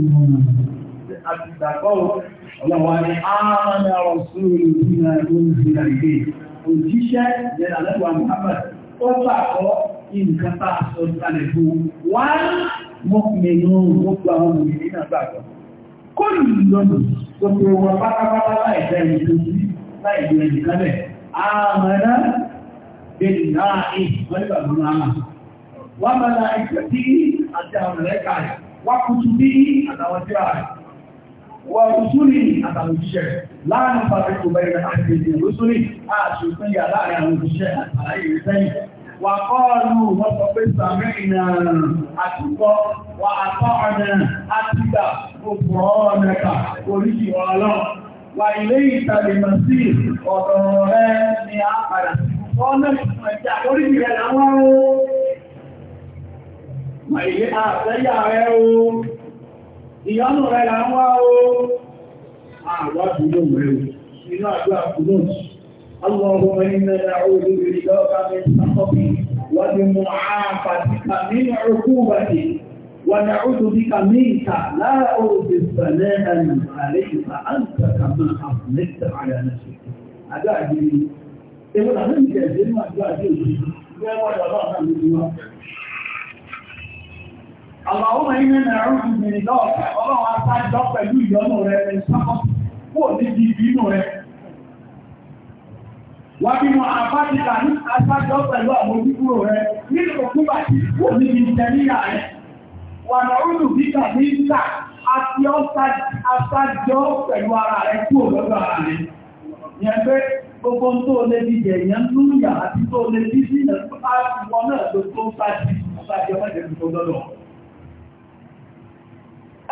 àti ìgbàgbọ́ ọlọ́wọ́ ni ààrùn ọ̀rọ̀ sóòrò nínú ẹgbẹ́ òṣèlú àìgbé òjíṣẹ́ yẹn àlẹ́wà Muhammad ó gbàgbọ́ nǹkan tá a sọ sálẹ̀ fún wọn mọ́kùnrin náà gbogbo àwọn òmìnir kó ìlọ́nà gbogbo wa pátápátá láìjẹ́ ìlú láìjẹ́ ìdíkálẹ̀ àmàrà bèèrè náà ìgbẹ́gbà lọ́nà àmà wà mọ́lá ìpẹ̀ tí àti àmàrẹ́kà rẹ̀ wà kùtù bí àtàwọn tí a rẹ̀ wà òṣùlì àtàwọn òṣìṣẹ́ láàrín pàtàkì bẹ̀rẹ̀ àti ìrìnlóṣùlì àṣùfẹ́ yà láàrín àwọn òṣìṣẹ́ àtàrí ìrìnsẹ́yìn wà kọ́ọ̀lù wọ́n sọ pé sàmì ìnà àtúkọ́ wà àtọ́ ọ̀nà àtìgbà òpùrọ̀ọ́nẹ́ta oríṣi wọn lọ wà ilé ìtàlẹ̀mọ̀ sí ọ̀dọ̀ rẹ̀ ni a padà sí ìyọ́nù rẹ̀ là ń wá o àwọn àbúrò rẹ̀ o inú àjọ àbúrò اللهم إنا نعوذ برضاك من سخطك وبمعافاتك من ونعوذ بك منك لا أرضي الثناء عليك أنت كما أثنيت على نفسك هذا أجري إذا لم يجد ما أجري Àwọn ọmọ iná ẹ̀rọ ìgbìyànjú ọ̀pẹ̀ ọlọ́run àtàjọ́ pẹ̀lú ìyọ́nù rẹ̀ ní sáwọn kò ní di ìbínú rẹ̀. Wà nínú àbájíkà ní àtàjọ́ pẹ̀lú àwọn ojúkúrò rẹ̀ nínú òkúbà tí kò ní di ìtẹ̀líyà rẹ̀ wà lọ́rùn nígbà nígbà àti ọ́sájọ́ pẹ̀lú ara rẹ̀ kú lọ́dọ̀ ara rẹ̀. Yẹn pé gbogbo tó lé jíjẹ yẹn ń lúyà àti tó lé jíjì wọn náà ló tó sájì ọ̀sájọ́ mẹ́jẹ̀ tó lọ́dọ̀.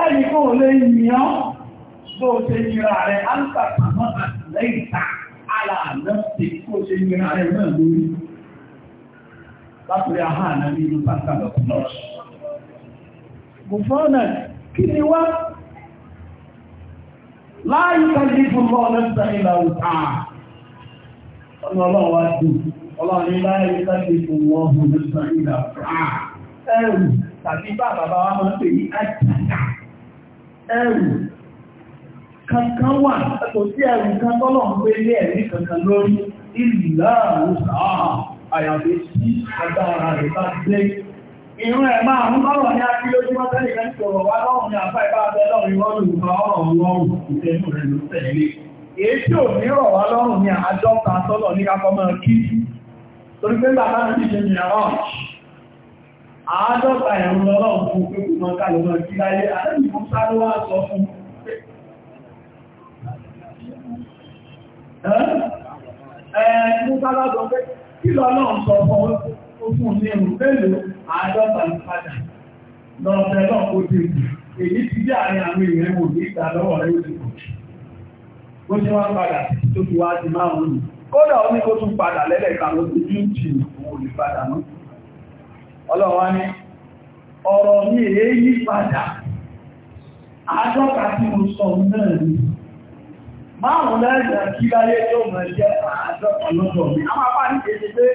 Ẹni kó lè yìnyán bó ṣe yìnra rẹ̀ náà lórí. Láti rí àhánà nínú gùfọ́nà kí ni wá láàyè kájí fún lọ lẹ́sẹ̀ ìlà òkà ọ̀nà ọlọ́wà dùn ọlọ́run ní láàyè kájí fún lọ́hùn lẹ́sẹ̀ ìlà òkà ẹrù tàbí bàbá bá wá máa ń pè ní àjàkà ẹrù kankan wà kò sí ẹrù kankan lórí Ìrún ẹ̀ máa ń lọ́rọ̀ ní akí lójú mọ́ tẹ́lẹ̀ kan sọ̀rọ̀ wá lọ́rùn ní àfá ìbá abẹ́ lọ́rùn ìwọ́n lù bá ọ̀rọ̀ lọ́rùn ìtẹ́nu rẹ̀ ló tẹ̀lé. Èé tí ò ní rọ̀ wá lọ́rùn ní àádọ́ta sọ́lọ̀ ní kakọ́ máa kí. Torí pé bàbá náà ti ṣe ní àwọn àádọ́ta ẹ̀rùn lọ́rùn fún pé kò máa kálọ̀ máa kí láyé. Àdébì fún sáré wá sọ fún. Ẹ̀ẹ́ mú sáré wá sọ àádọ́ta padà lọ́ọ̀tẹ́ náà kó dé èyí ti dé àárín àwọn èèyàn wò ní ìgbà lọ́wọ́ rẹ̀ òdì bó ṣe wá padà tó fi wá di kódà ó ní kó tún padà ló ti jú òun padà ní ọ̀rọ̀ padà àádọ́ta tí mo sọ náà ni márùn kí láyé tó mọ̀ jẹ́ àádọ́ta lọ́dọ̀ mi. ní kéde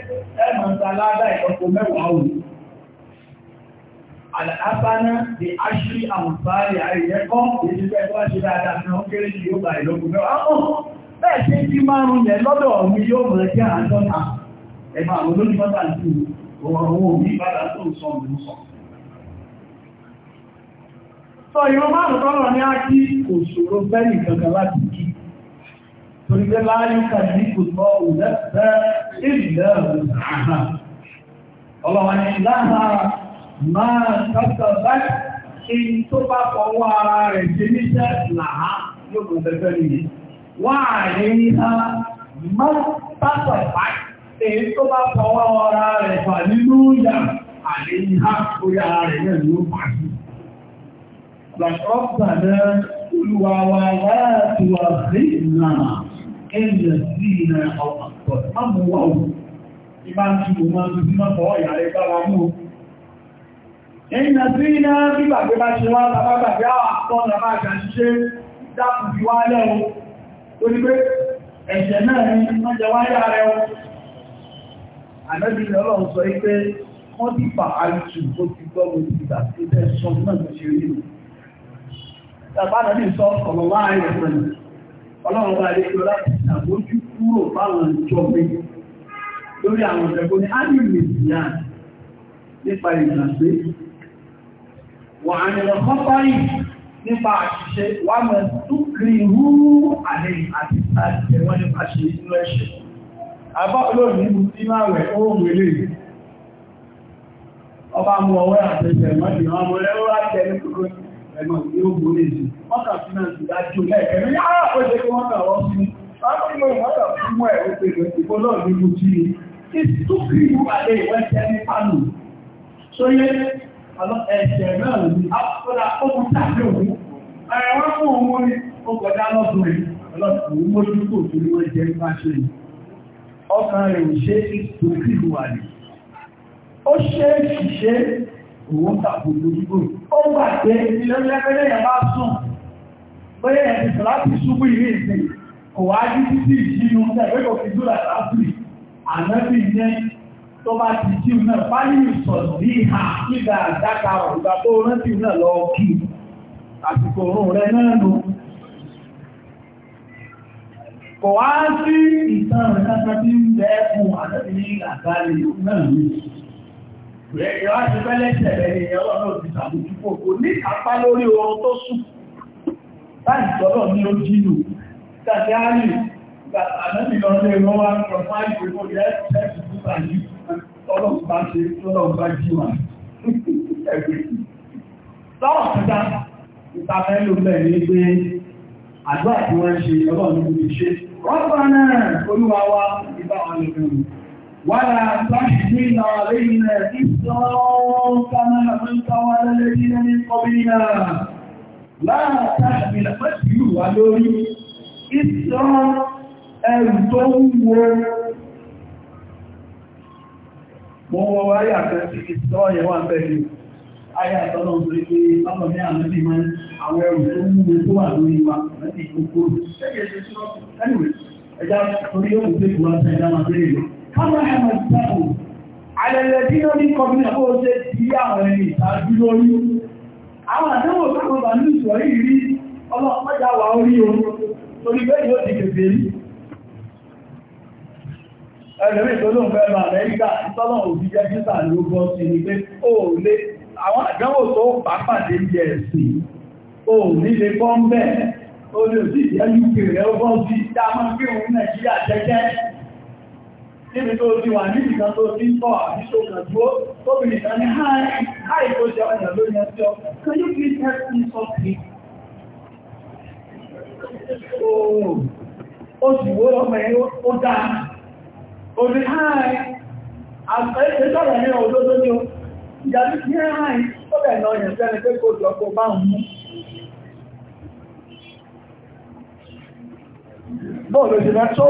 pé àlàáfáná di aṣírí àmùfáàrí àìyẹ́kọ́ ìṣẹ́gbẹ́ tó wá ṣe dáadáa ní ó kéré ní yóò bá ìlógún mẹ́wàá bẹ́ẹ̀ ṣe tí márùn-ún yẹn lọ́dọ̀ mi yóò bẹ̀rẹ̀ jẹ́ àádọ́ta ẹ̀mà àwọn olónímọ́ta ti owó mi máa tọ́tọ̀ báyìí kí n tó bá fọwọ́ ara rẹ̀ ṣe níṣẹ́ làá yóò mọ̀ tẹ́tẹ́ nìyí. Wọ́n à ní ha máa tọ́tọ̀ báyìí èyí tó bá fọwọ́ ara rẹ̀ fà nínú ìyá àléyìn ha orí ara rẹ̀ náà ló fà sí. Lọ́sọ̀ọ̀sà náà olúwa wa láti wà sí ìlànà ẹ̀yẹ̀ sí ìlànà ọ̀pọ̀. Má ìbá ń tún mo máa ń tún sí máa fọwọ́ rẹ̀ bá wa mú o ẹ̀yìn àti iná gbígbàgbé bá ṣe wá tàbágbàgbé àwọn àpọ́nà máa jà ṣíṣe dákù bí wá lẹ́wọ́ tó ní pé ẹ̀ṣẹ̀ náà ní wọ́n jẹ wáyé ààrẹ wọn àmẹ́bìnrin ọlọ́run sọ pé wọ́n ti fà àìtù ó ti gbọ́gbọ́ ti gbà sí ilẹ̀ sọ náà ti ṣe rí tàbánàbí sọ ọ̀rọ̀ láàrin ẹ̀sẹ̀ ọlọ́run bá lè kúrò láti ṣàbójú kúrò fáwọn mi lórí àwọn ìjọgbó ní ánìyàn nípa ìgbàgbé wà nílò kọ́pọ̀lì nípa àṣìṣe wà mọ̀ túkìrì hú àlè àti àṣìṣe wọ́n nípa ṣe inú ẹ̀ṣẹ̀ àbá olóòrùn nínú tí máa rẹ̀ ó wèlé ọba mú ọwọ́ àtẹ̀sẹ̀ mọ́dì wọn mọ́ rẹ̀ ó rà tẹ́ ní kúrò ẹ̀mọ̀ ní ó gbó léjì wọ́n kà sí náà sì dájú lẹ́ẹ̀kẹ́ ní ẹ̀ṣẹ̀ náà ní àpọ́lá ọkùn tàbí òun ẹ̀wọ́n fún òun ní ọgbọ̀dá lọ́gbọ̀n ọlọ́pàá mójúkò tó ní wọ́n jẹ́ bá ṣe ọkàn rẹ̀ ò ṣe tó sí ìwà rẹ̀ ó ṣe ṣiṣẹ́ òun tàbí mójúkò ó gbà pé ilẹ̀-ẹgbẹ̀rẹ̀ yẹn bá sùn bóyá ẹ̀ ti sọ̀láti ṣubú ìrìn ìsìn kò wá jí títí ìṣínú ẹgbẹ́ kò fi dúrà láàbùrì ànábì ní tó bá ti tí ò náà bá ní ìsọ̀nà ní ìhà nígbà àdáka ọ̀gbà tó rántí náà lọ kí àsìkò òun rẹ náà nù. Kò wá sí ìtàn rẹ̀ kankan tí ń bẹ fún àtẹ́bí ní àgbáyé náà ní. Rẹ̀ yọ á ti fẹ́lẹ́ tẹ̀lé ní ọlọ́run náà ti sàmójúfò kò ní kápá lórí oorun tó sùn. Báyìí tọ́lọ̀ ní ó jínú. Tàbí á rí àtẹ́bí lọ sí ẹ̀rọ wa ń sọ fún àìsàn ìfòyà ẹ̀sìn ìfúnpá yìí ọlọ́run bá ṣe lọ́lọ́run bá jí wà lọ́rọ̀ kọjá ìtafẹ́ ló bẹ̀ ní pé àjọ àti wọ́n ṣe ọlọ́run ti ṣe rọ́bà náà olúwa wa ìbá wọn lè bẹ̀rù wàlá sáàṣì ní ìlànà lẹ́yìn rẹ̀ ìsọ́rọ̀ kánáà tó ń káwà mo wọ wáyà kan sí ìtọ́ yẹn wà bẹ́ẹ̀ Ayá ìtọ́nà òṣèré pé lọ́pọ̀ ní àwọn ẹbí máa ń àwọn ẹrù tó ń mú tó wà lórí wa láti ìgbókó. Ṣẹ́gbẹ̀ ṣe ṣe ṣọ́pù. Anyway, ẹja torí yóò pèsè ìwà ṣe ẹja máa bẹ́rẹ̀ lọ. Káwọn ẹmọ ìtàkùn, alẹ́lẹ́ tí ó ní kọmínà ó ṣe ti àwọn ẹni ìtàjú lórí. Àwọn àdánwò táwọn bàánú ìṣòrí rí ọlọ́pàá ẹlẹ́rí ìtọ́lóhùn fẹ́ máa amẹ́ríkà ìtọ́lọ́hùn òbí jẹ́ títà ló bọ́ sí ni pé ó lé àwọn àdánwò tó pàápàdé jẹ ẹ̀sìn ó nílé bọ́m̀bẹ̀ ó lè sí ìjẹ́ uk rẹ̀ ó bọ́ sí dámọ́ pé òun nàìjíríà jẹ́jẹ́ níbi tó ti wà ní ìkan tó ti ń bọ̀ àbí tó kàn dúró tó fi nìkan ní háì tó jẹ ọ̀nà ló yẹn sí ọ can you please help me something ó sì wó lọ́mọ ẹ̀ ó dáa omi háàrin àtẹ́sọ̀rọ̀ ní òdòdó ní ìjàdí sí háàrin tó bẹ̀ lọ yẹ̀ sẹ́ni pé kò jọ kó bá ń mú bọ́ọ̀lù ti rẹ̀ tó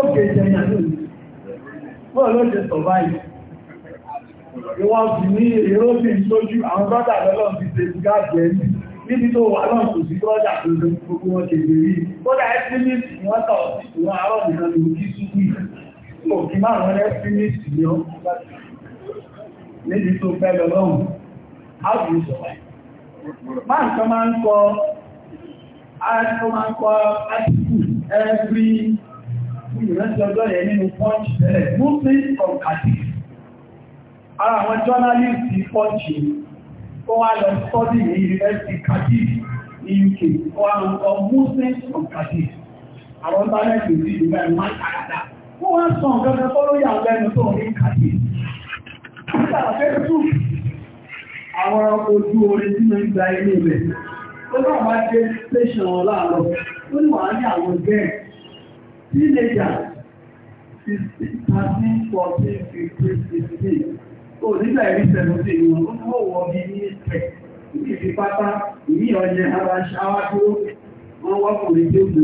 níbi tó wà náà kò sí brọ́dà gbogbo wọn kèbèrè bọ́dà ẹ́sìmìtì wọ́n tọ̀ wọ́n arọ́ nìkan kí súkú yìí òkè márùn-ún rẹ̀ fínísì yọ níbi tó fẹ́ lọ lọ́hùn how do you survive? máa ń kọ́ máa ń kọ́ article máa ń kọ́ article every ìrántí ọjọ́ yẹn nínú punch tẹ́lẹ̀ muslim from katik ara àwọn journalist punch ó wá lọ study ní university katik ní UK ó wá lọ muslim from katik àwọn internet ò sí ìgbà ìmáà kàràdà wọ́n wá sọ nǹkan kan tó lóyà lẹ́nu tó ní kàdé nígbà fẹ́tù àwọn ojú orin tí mo ń gba ilé rẹ̀ ó náà wá dé tẹ̀sán láàárọ̀ ó ní wàá ní àwọn bẹ́ẹ̀ tínéjà thirteen fourteen fifteen sixteen ó nígbà ìrí seventeen ni wọ́n ó wọ bí ní ìpẹ́ ìfipátá ìmí ọ̀yẹ́ ara ṣáwá dúró wọ́n wọ́pọ̀ lè dé òkú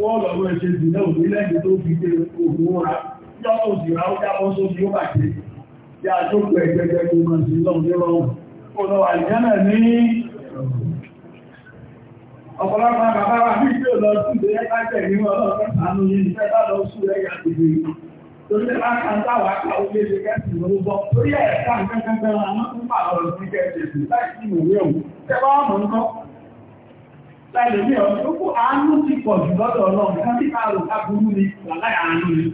wọ́n lọ́wọ́ ẹ̀ṣẹ́ ìdílé òmìnlẹ́gbẹ̀ tó fi dé òun wọ́ra yọ́nà òsìrá ó jábọ́ sóbi ó bàjẹ́ yá jókòó ẹgbẹ́gbẹ́ tó mọ̀ sí lọ́wọ́ ọ̀nà àìyánà ní ọ̀pọ̀lọpọ̀ bàbá wa ní tí ó lọ sí ilé ẹgbẹ́ ní ọlọ́pẹ́ sàánú yìí fẹ́ bá lọ sí ẹ̀yà gbogbo yìí torí pé láti àtàwà káwọ́ lé ṣe kẹ́sì lówó bọ́ torí ẹ̀ẹ̀ká nǹkan kankan àwọn ń pàrọ̀ sí kẹ́sì láì sí ìwé òun tẹ́wọ́ àmọ́ ń kọ́ láìlè ní ọ̀rọ̀ tó kú àánú ti pọ̀ jù lọ́dọ̀ ọlọ́run kan tí káàrò ká burú ni wà láì àánú ni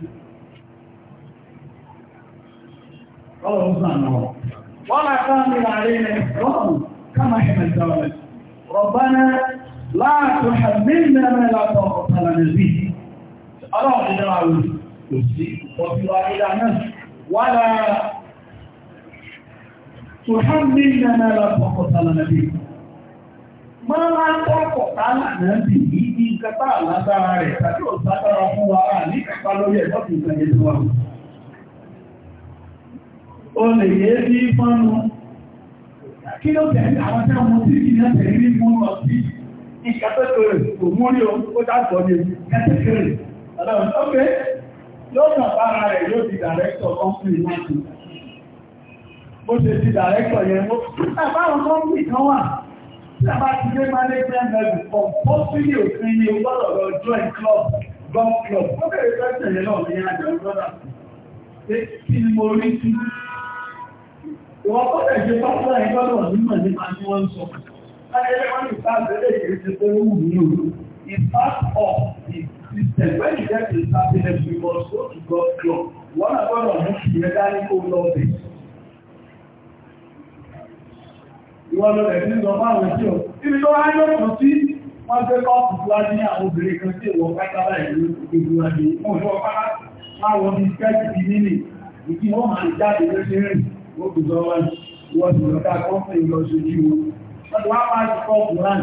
ọlọ́run sàn náà wọ́n máa ká ní àárín rẹ̀ rọ́ọ̀mù ká máa ṣe mẹ́ta rẹ̀ rọ̀bánà láàtò ṣàmìlẹ̀ mẹ́lẹ́lọ́tọ̀ ọ̀tàlàmẹ́ bí ọlọ́run ti dára rẹ̀ kò sí ọ̀fi wa nílá náà wà láà tó ṣàmìlẹ̀ mẹ́lẹ́lọ́tọ̀ ọ̀tàlàmẹ́ bí máa ń dákọ̀ tánà náà bì ní ní nǹkan tá àlágbára rẹ̀ tàbí òṣàgbára fún wa rà ní kẹfà lórí ẹ̀dọ́ fi ìgbà yẹn wa. o lè yé bí fọ́nù kí ló tẹ̀lé àwọn tí wọ́n ti kí ní ọ̀tẹ̀ ní mú lọ sí ìkàtẹ́kẹ̀rẹ̀ kò mú rí o ó dàgbọ́ ní kẹ́tẹ́kẹ̀rẹ̀ ọ̀kẹ́ yóò kàn bára rẹ̀ yóò di dàrẹ́tọ̀ kọ́ńpìnì náà bó ṣe di dàrẹ́tọ̀ yẹn mú àbáwọn Lábá ti dé management level, compulsory òfin ni gbọ́dọ̀ lọ join club, golf club. Ó bẹ̀rẹ̀ pẹ́sẹ̀ yẹn náà ní àjọ ìgbọ́dà. Kí ni mo rí sí? Ìwọ́n kọ́dẹ̀ ṣe pásítọ̀ yẹn gbọ́dọ̀ nímọ̀ nípa tí wọ́n ń sọ. Láyé wọ́n ní sáàbẹ̀ lè ṣe ṣe pé ó wù ní òru. part of the system, when you get the service, you must go to golf club. Wọ́n àgbọ̀dọ̀ mú ìyẹn dání kó lọ bẹ̀rẹ̀. ìwọ́n lọ rẹ̀ sí lọ fáwọn tí ó ibi tó wá yóò kàn sí wọ́n tẹ́ kọ́ọ̀pù tó wá ní àwọn obìnrin kan tí ìwọ pátábà ìlú ìlú àti ìwọ̀n pátá láwọn bí kẹ́ẹ̀kì bí nílì ìdí wọ́n máa ń jáde ló ṣe rìn wọ́n kò sọ wọn wọ́n sì lọ́ta kọ́ọ̀pù lọ sójú wọn wọ́n ti wá máa ń kọ́ọ̀pù láì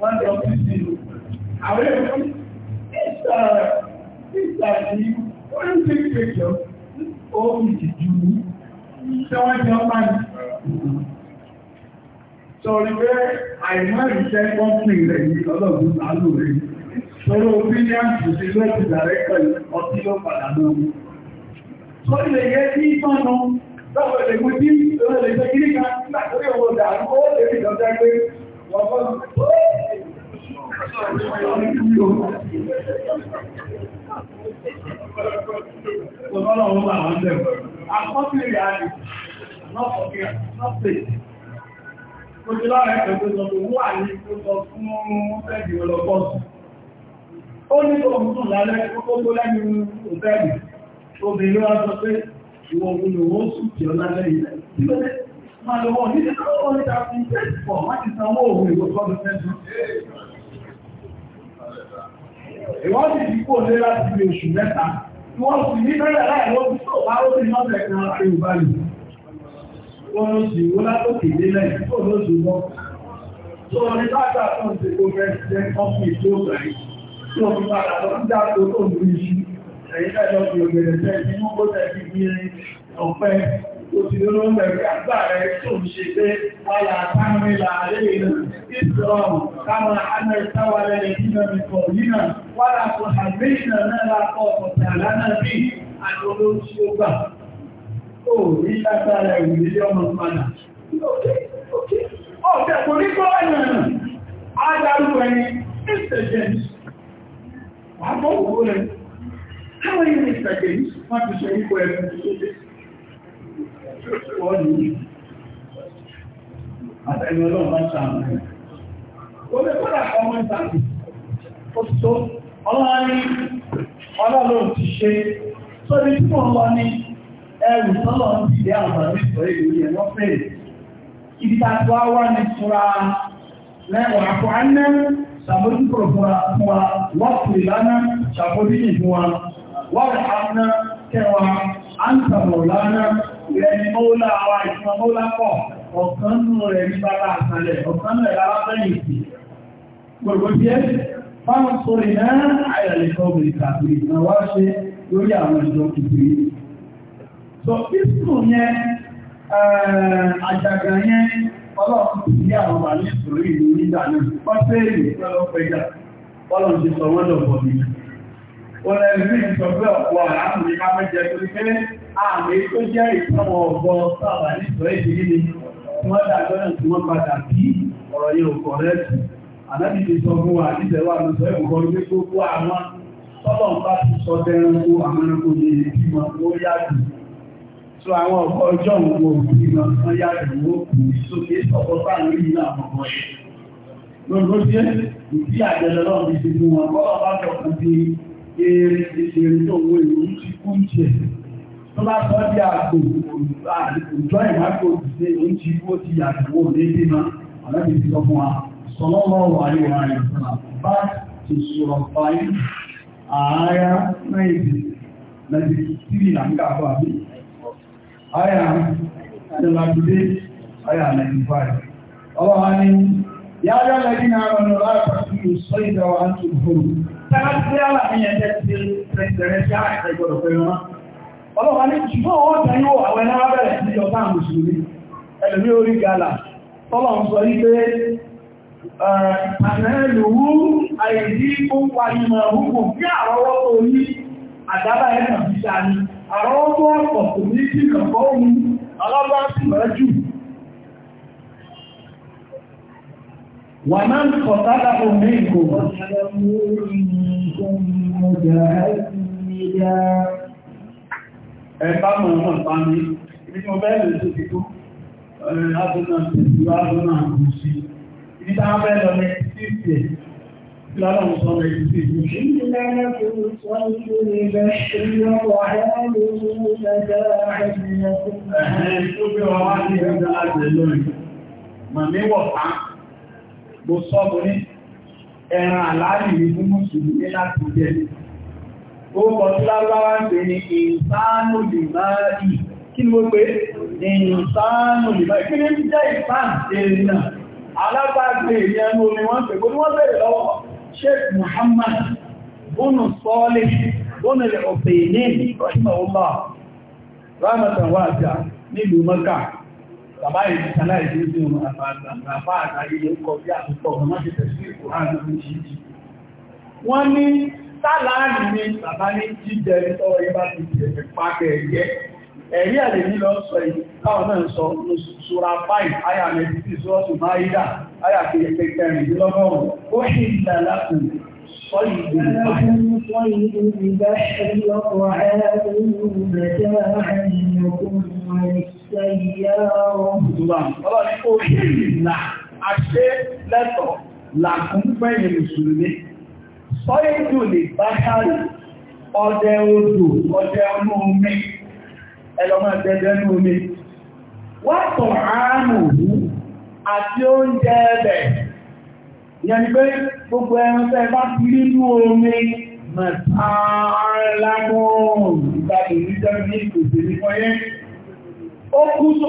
wọ́n jọ sí sí àwọn èèyàn ó fi ìtìjú tí wọ́n jẹ́ ọmọ yìí. Sọ̀rí pé àìmọ́ ìṣẹ́ kọ́ńtì rẹ̀ ní ọlọ́run lálò rẹ̀. Sọ̀rọ̀ opinion to the left director ọtí ló padà náà. Sọ ilẹ̀ yẹ kí sọ́nà lọ́wọ́ ilẹ̀ mú tí lọ́wọ́ ilẹ̀ tó kiri kan látòrí owó dàrú ó lè rí ìjọba pé wọ́n fọ́n. Ọlọ́run wà wọ́n lẹ́wọ̀. Àkọ́sílẹ̀ àdì, lọ́pọ̀kẹ́, lọ́pẹ̀. Mo ti lọ́rẹ̀ ẹ̀kọ́ tó sọ tó wà ní tó sọ fún ọ̀fẹ́dì ọlọ́pọ̀sùn. Ó ní tó ń sùn lálẹ́ kókó tó lẹ́nu òfẹ́dì. Obìnrin wá sọ pé ìwọ̀n òun òun sùn tí ọ lálẹ́ ilẹ̀. Tí ló dé? Máa lọ wọ́n ní ìwọ́n sì fi kó lé láti fi oṣù mẹ́ta tí wọ́n sì ní bẹ́rẹ̀ láì wọ́n ti tó bá ó sì lọ́sẹ̀ kan àti ìbá yìí wọ́n ló sì wó látòkè délẹ̀ tó ló sì lọ tó ní bàtà tó ń ṣe kó fẹ́ jẹ́ ọ́fíì tó bẹ̀rẹ̀ tó fi padà lọ sí dáko tó ń bu iṣu ẹ̀yìn fẹ́ lọ sí ògbèrè tẹ́ òṣìlú mẹ́rin àgbà rẹ̀ tó ń ṣe pé wáyà támílà àríyìn ìsọ̀rọ̀ káwọn anẹ́sáwàlẹ̀ ìdínàmìkọ̀ yínà wádà kò àgbéyìnà náà lápọ̀ ọ̀tẹ̀ àlánà bí àjọ́ló tí ó gbà ó rí lágbára ìwúrí ọmọ padà ọ̀tẹ̀ kò ní kọ́ ẹ̀yàn adarú ẹni ìsẹ̀jẹ̀ wà á bọ́ òwúrẹ́ káwọn yìí ìsẹ̀jẹ̀ wọ́n ti ṣe ipò ẹ̀fún tó dé wọ́n ní àtẹni ọlọ́run bá ṣàmù ó lè kọ́dà ọmọ ìtàkì ó tó ọlọ́rin ọlọ́run ti ṣe tó ní tí wọ́n wọ́n ní ẹrù sọ́lọ̀ ń ti dé àbàrí sọ èdè yẹn wọ́n fẹ́ ìtàkì wá wá ní fúra lẹ́wọ̀n àpò ánẹ́ sàmójúkòrò fún wa wọ́n fi lánàá sàmójúkòrò fún ìrẹni mọ́lá àwa ìfún mọ́lá pọ̀ ọ̀kan nù rẹ̀ ní bàbá àtàlẹ̀ ọ̀kan rẹ̀ alábẹ́yìntì gbogbo bí ẹ́ fáwọn sórí náà àyàlẹ̀ kọ́bìnrin kàbìrì náà wá ṣe lórí àwọn ìjọ kìbìrì so ìsùn yẹn eh, àjàgà yẹn ọlọ́run ti ní àwọn bà ní ìsòrí ìlú nígbà náà pọ́sẹ́ẹ̀lì pẹ́lọ́pẹ́jà ọlọ́run ti sọ wọ́n lọ́pọ̀ mi ó lẹ́rìí sọ pé ọ̀pọ̀ àrùn ní ká mẹ́jẹ torí pé àmì tó jẹ́ ìtàwọn ọ̀gbọ́ sábà nítorí ìdílé ni wọ́n dàgbọ́nà tí wọ́n padà bí ọ̀rọ̀ yẹn ò kọ̀rẹ́tì àdábì ti sọ fún wa àti ìtẹ̀wà ló sọ ẹ̀kọ́ ló gbogbo àwọn tọ́lọ̀ ń bá ti sọ dẹranko àwọn ẹranko ní ilé tí wọn ó yàgò tó àwọn ọ̀pọ̀ ọjọ́ òwò òbí wọn wọ́n yàgò ó kù sókè sọ̀kọ́ sáàrin yìí náà mọ̀mọ́ ẹ̀ lóòótọ́ jẹ́ ìdí àjẹlẹ̀ náà ti ti mú wọn kọ́lọ̀ bá jọ kù bí eré ìṣeré tó wọ ìròyìn ti kú jẹ tó bá sọ bí àgbò òjò ìmákò ṣe oúnjẹ ó ti yàtọ̀ lédè náà ọ̀nà ti sọ fún wa sọ̀rọ̀ lọ́wọ́ ayé wa rẹ̀ sọ̀rọ̀ bá ti sọ̀rọ̀ báyìí ààyà náìdì náìdì tírì là ń kà fún àbí ààyà nàìjíríà ààyà nàìjíríà ọlọ́wọ́ ni yáyá lẹ́yìn náà rọrùn láti fi sọ ìdáwà àti ìfòrò tẹ́lá tí yálà ní ẹ̀jẹ̀ ti rẹ̀ tẹ̀rẹ̀ sí àìsàn ìgbọ̀dọ̀ pẹ̀lú náà ọlọ́pàá ní ṣùgbọ́n wọ́n tẹ́ yóò àwọn ẹ̀nà abẹ́rẹ̀ sí ọ̀tá mùsùlùmí ẹ̀lùmí orí gala tọ́lọ̀ ń sọ wípé àmẹ́lùwú àìdí púpà ìmọ̀ òkú bí àrọwọ́ tó ní àdábà ẹ̀nà bíṣà ní àrọwọ́ tó ọ̀pọ̀ tó ní sí kọ̀kọ́ ohun ọlọ́pàá sì mẹ́jù wà máa ń kọ̀tádà omi ìkò ẹ̀bá mọ̀mọ̀ pàmí ibi tí mo bẹ́ẹ̀lẹ̀ tó ti kú látọ́nà tẹ̀sí látọ́nà àgùsí ibi tí a bẹ́ẹ̀ lọ ní títì ẹ̀ tí látọ́nà sọ ní títì ẹ̀ Mo sọ́bọ̀ ní ẹran àláàrí ìlú Mùsùlùmí láti jẹ́ Orúkọ tí lágbára ń pè ní ìsánù lìmáàrí. Kí ni wọ́n pé? Ìsánù lìmáàrí. Kí ni ń jẹ́ ìsánù èèyàn? Alábàgbé ìyẹnu omi wọ́n pè kó ní wọ́n bèèrè lọ́wọ́. Sheikh Muhammad Bùnú Sọ́ọ́lì Bùnú Ọ̀pẹ̀ Wọ́n sáláàrì ni bàbá ní jíjẹ ìtọ́ ìbá ti jẹ̀ẹ̀ pàkẹ̀ ẹ̀yẹ ẹ̀rí ẹ̀lẹ̀ ní lọ sọ ìkáwọn náà sọ ṣúra báyìí àyà mẹ́bí sí ṣúrọ́sù máa ìdá àyà kẹ̀kẹ́ kẹrìndínlọ́gọ́rùn ó ṣì ń dà lápò Ọlọ́run kó ṣe ìlà àṣẹ lẹ́tọ̀ làkún fẹ́yìn Mùsùlùmí Sọ́yìnjù lè bá ṣáàrì ọdẹ odò, ọdẹ ọmọ omi, ẹlọ́mọ ẹgbẹ̀gbẹ̀ ní omi. Wọ́n tọ̀ àánú àti oúnjẹ ẹbẹ̀. Yẹn ni pé gbogbo ẹran tẹ́ bá ti rí ní omi, mẹ́tàárínlámọ́ọ̀rùn ìgbàgbẹ̀ ìjọ́ ní ìpèsè ní fọ́yẹ́. Ó kú tó,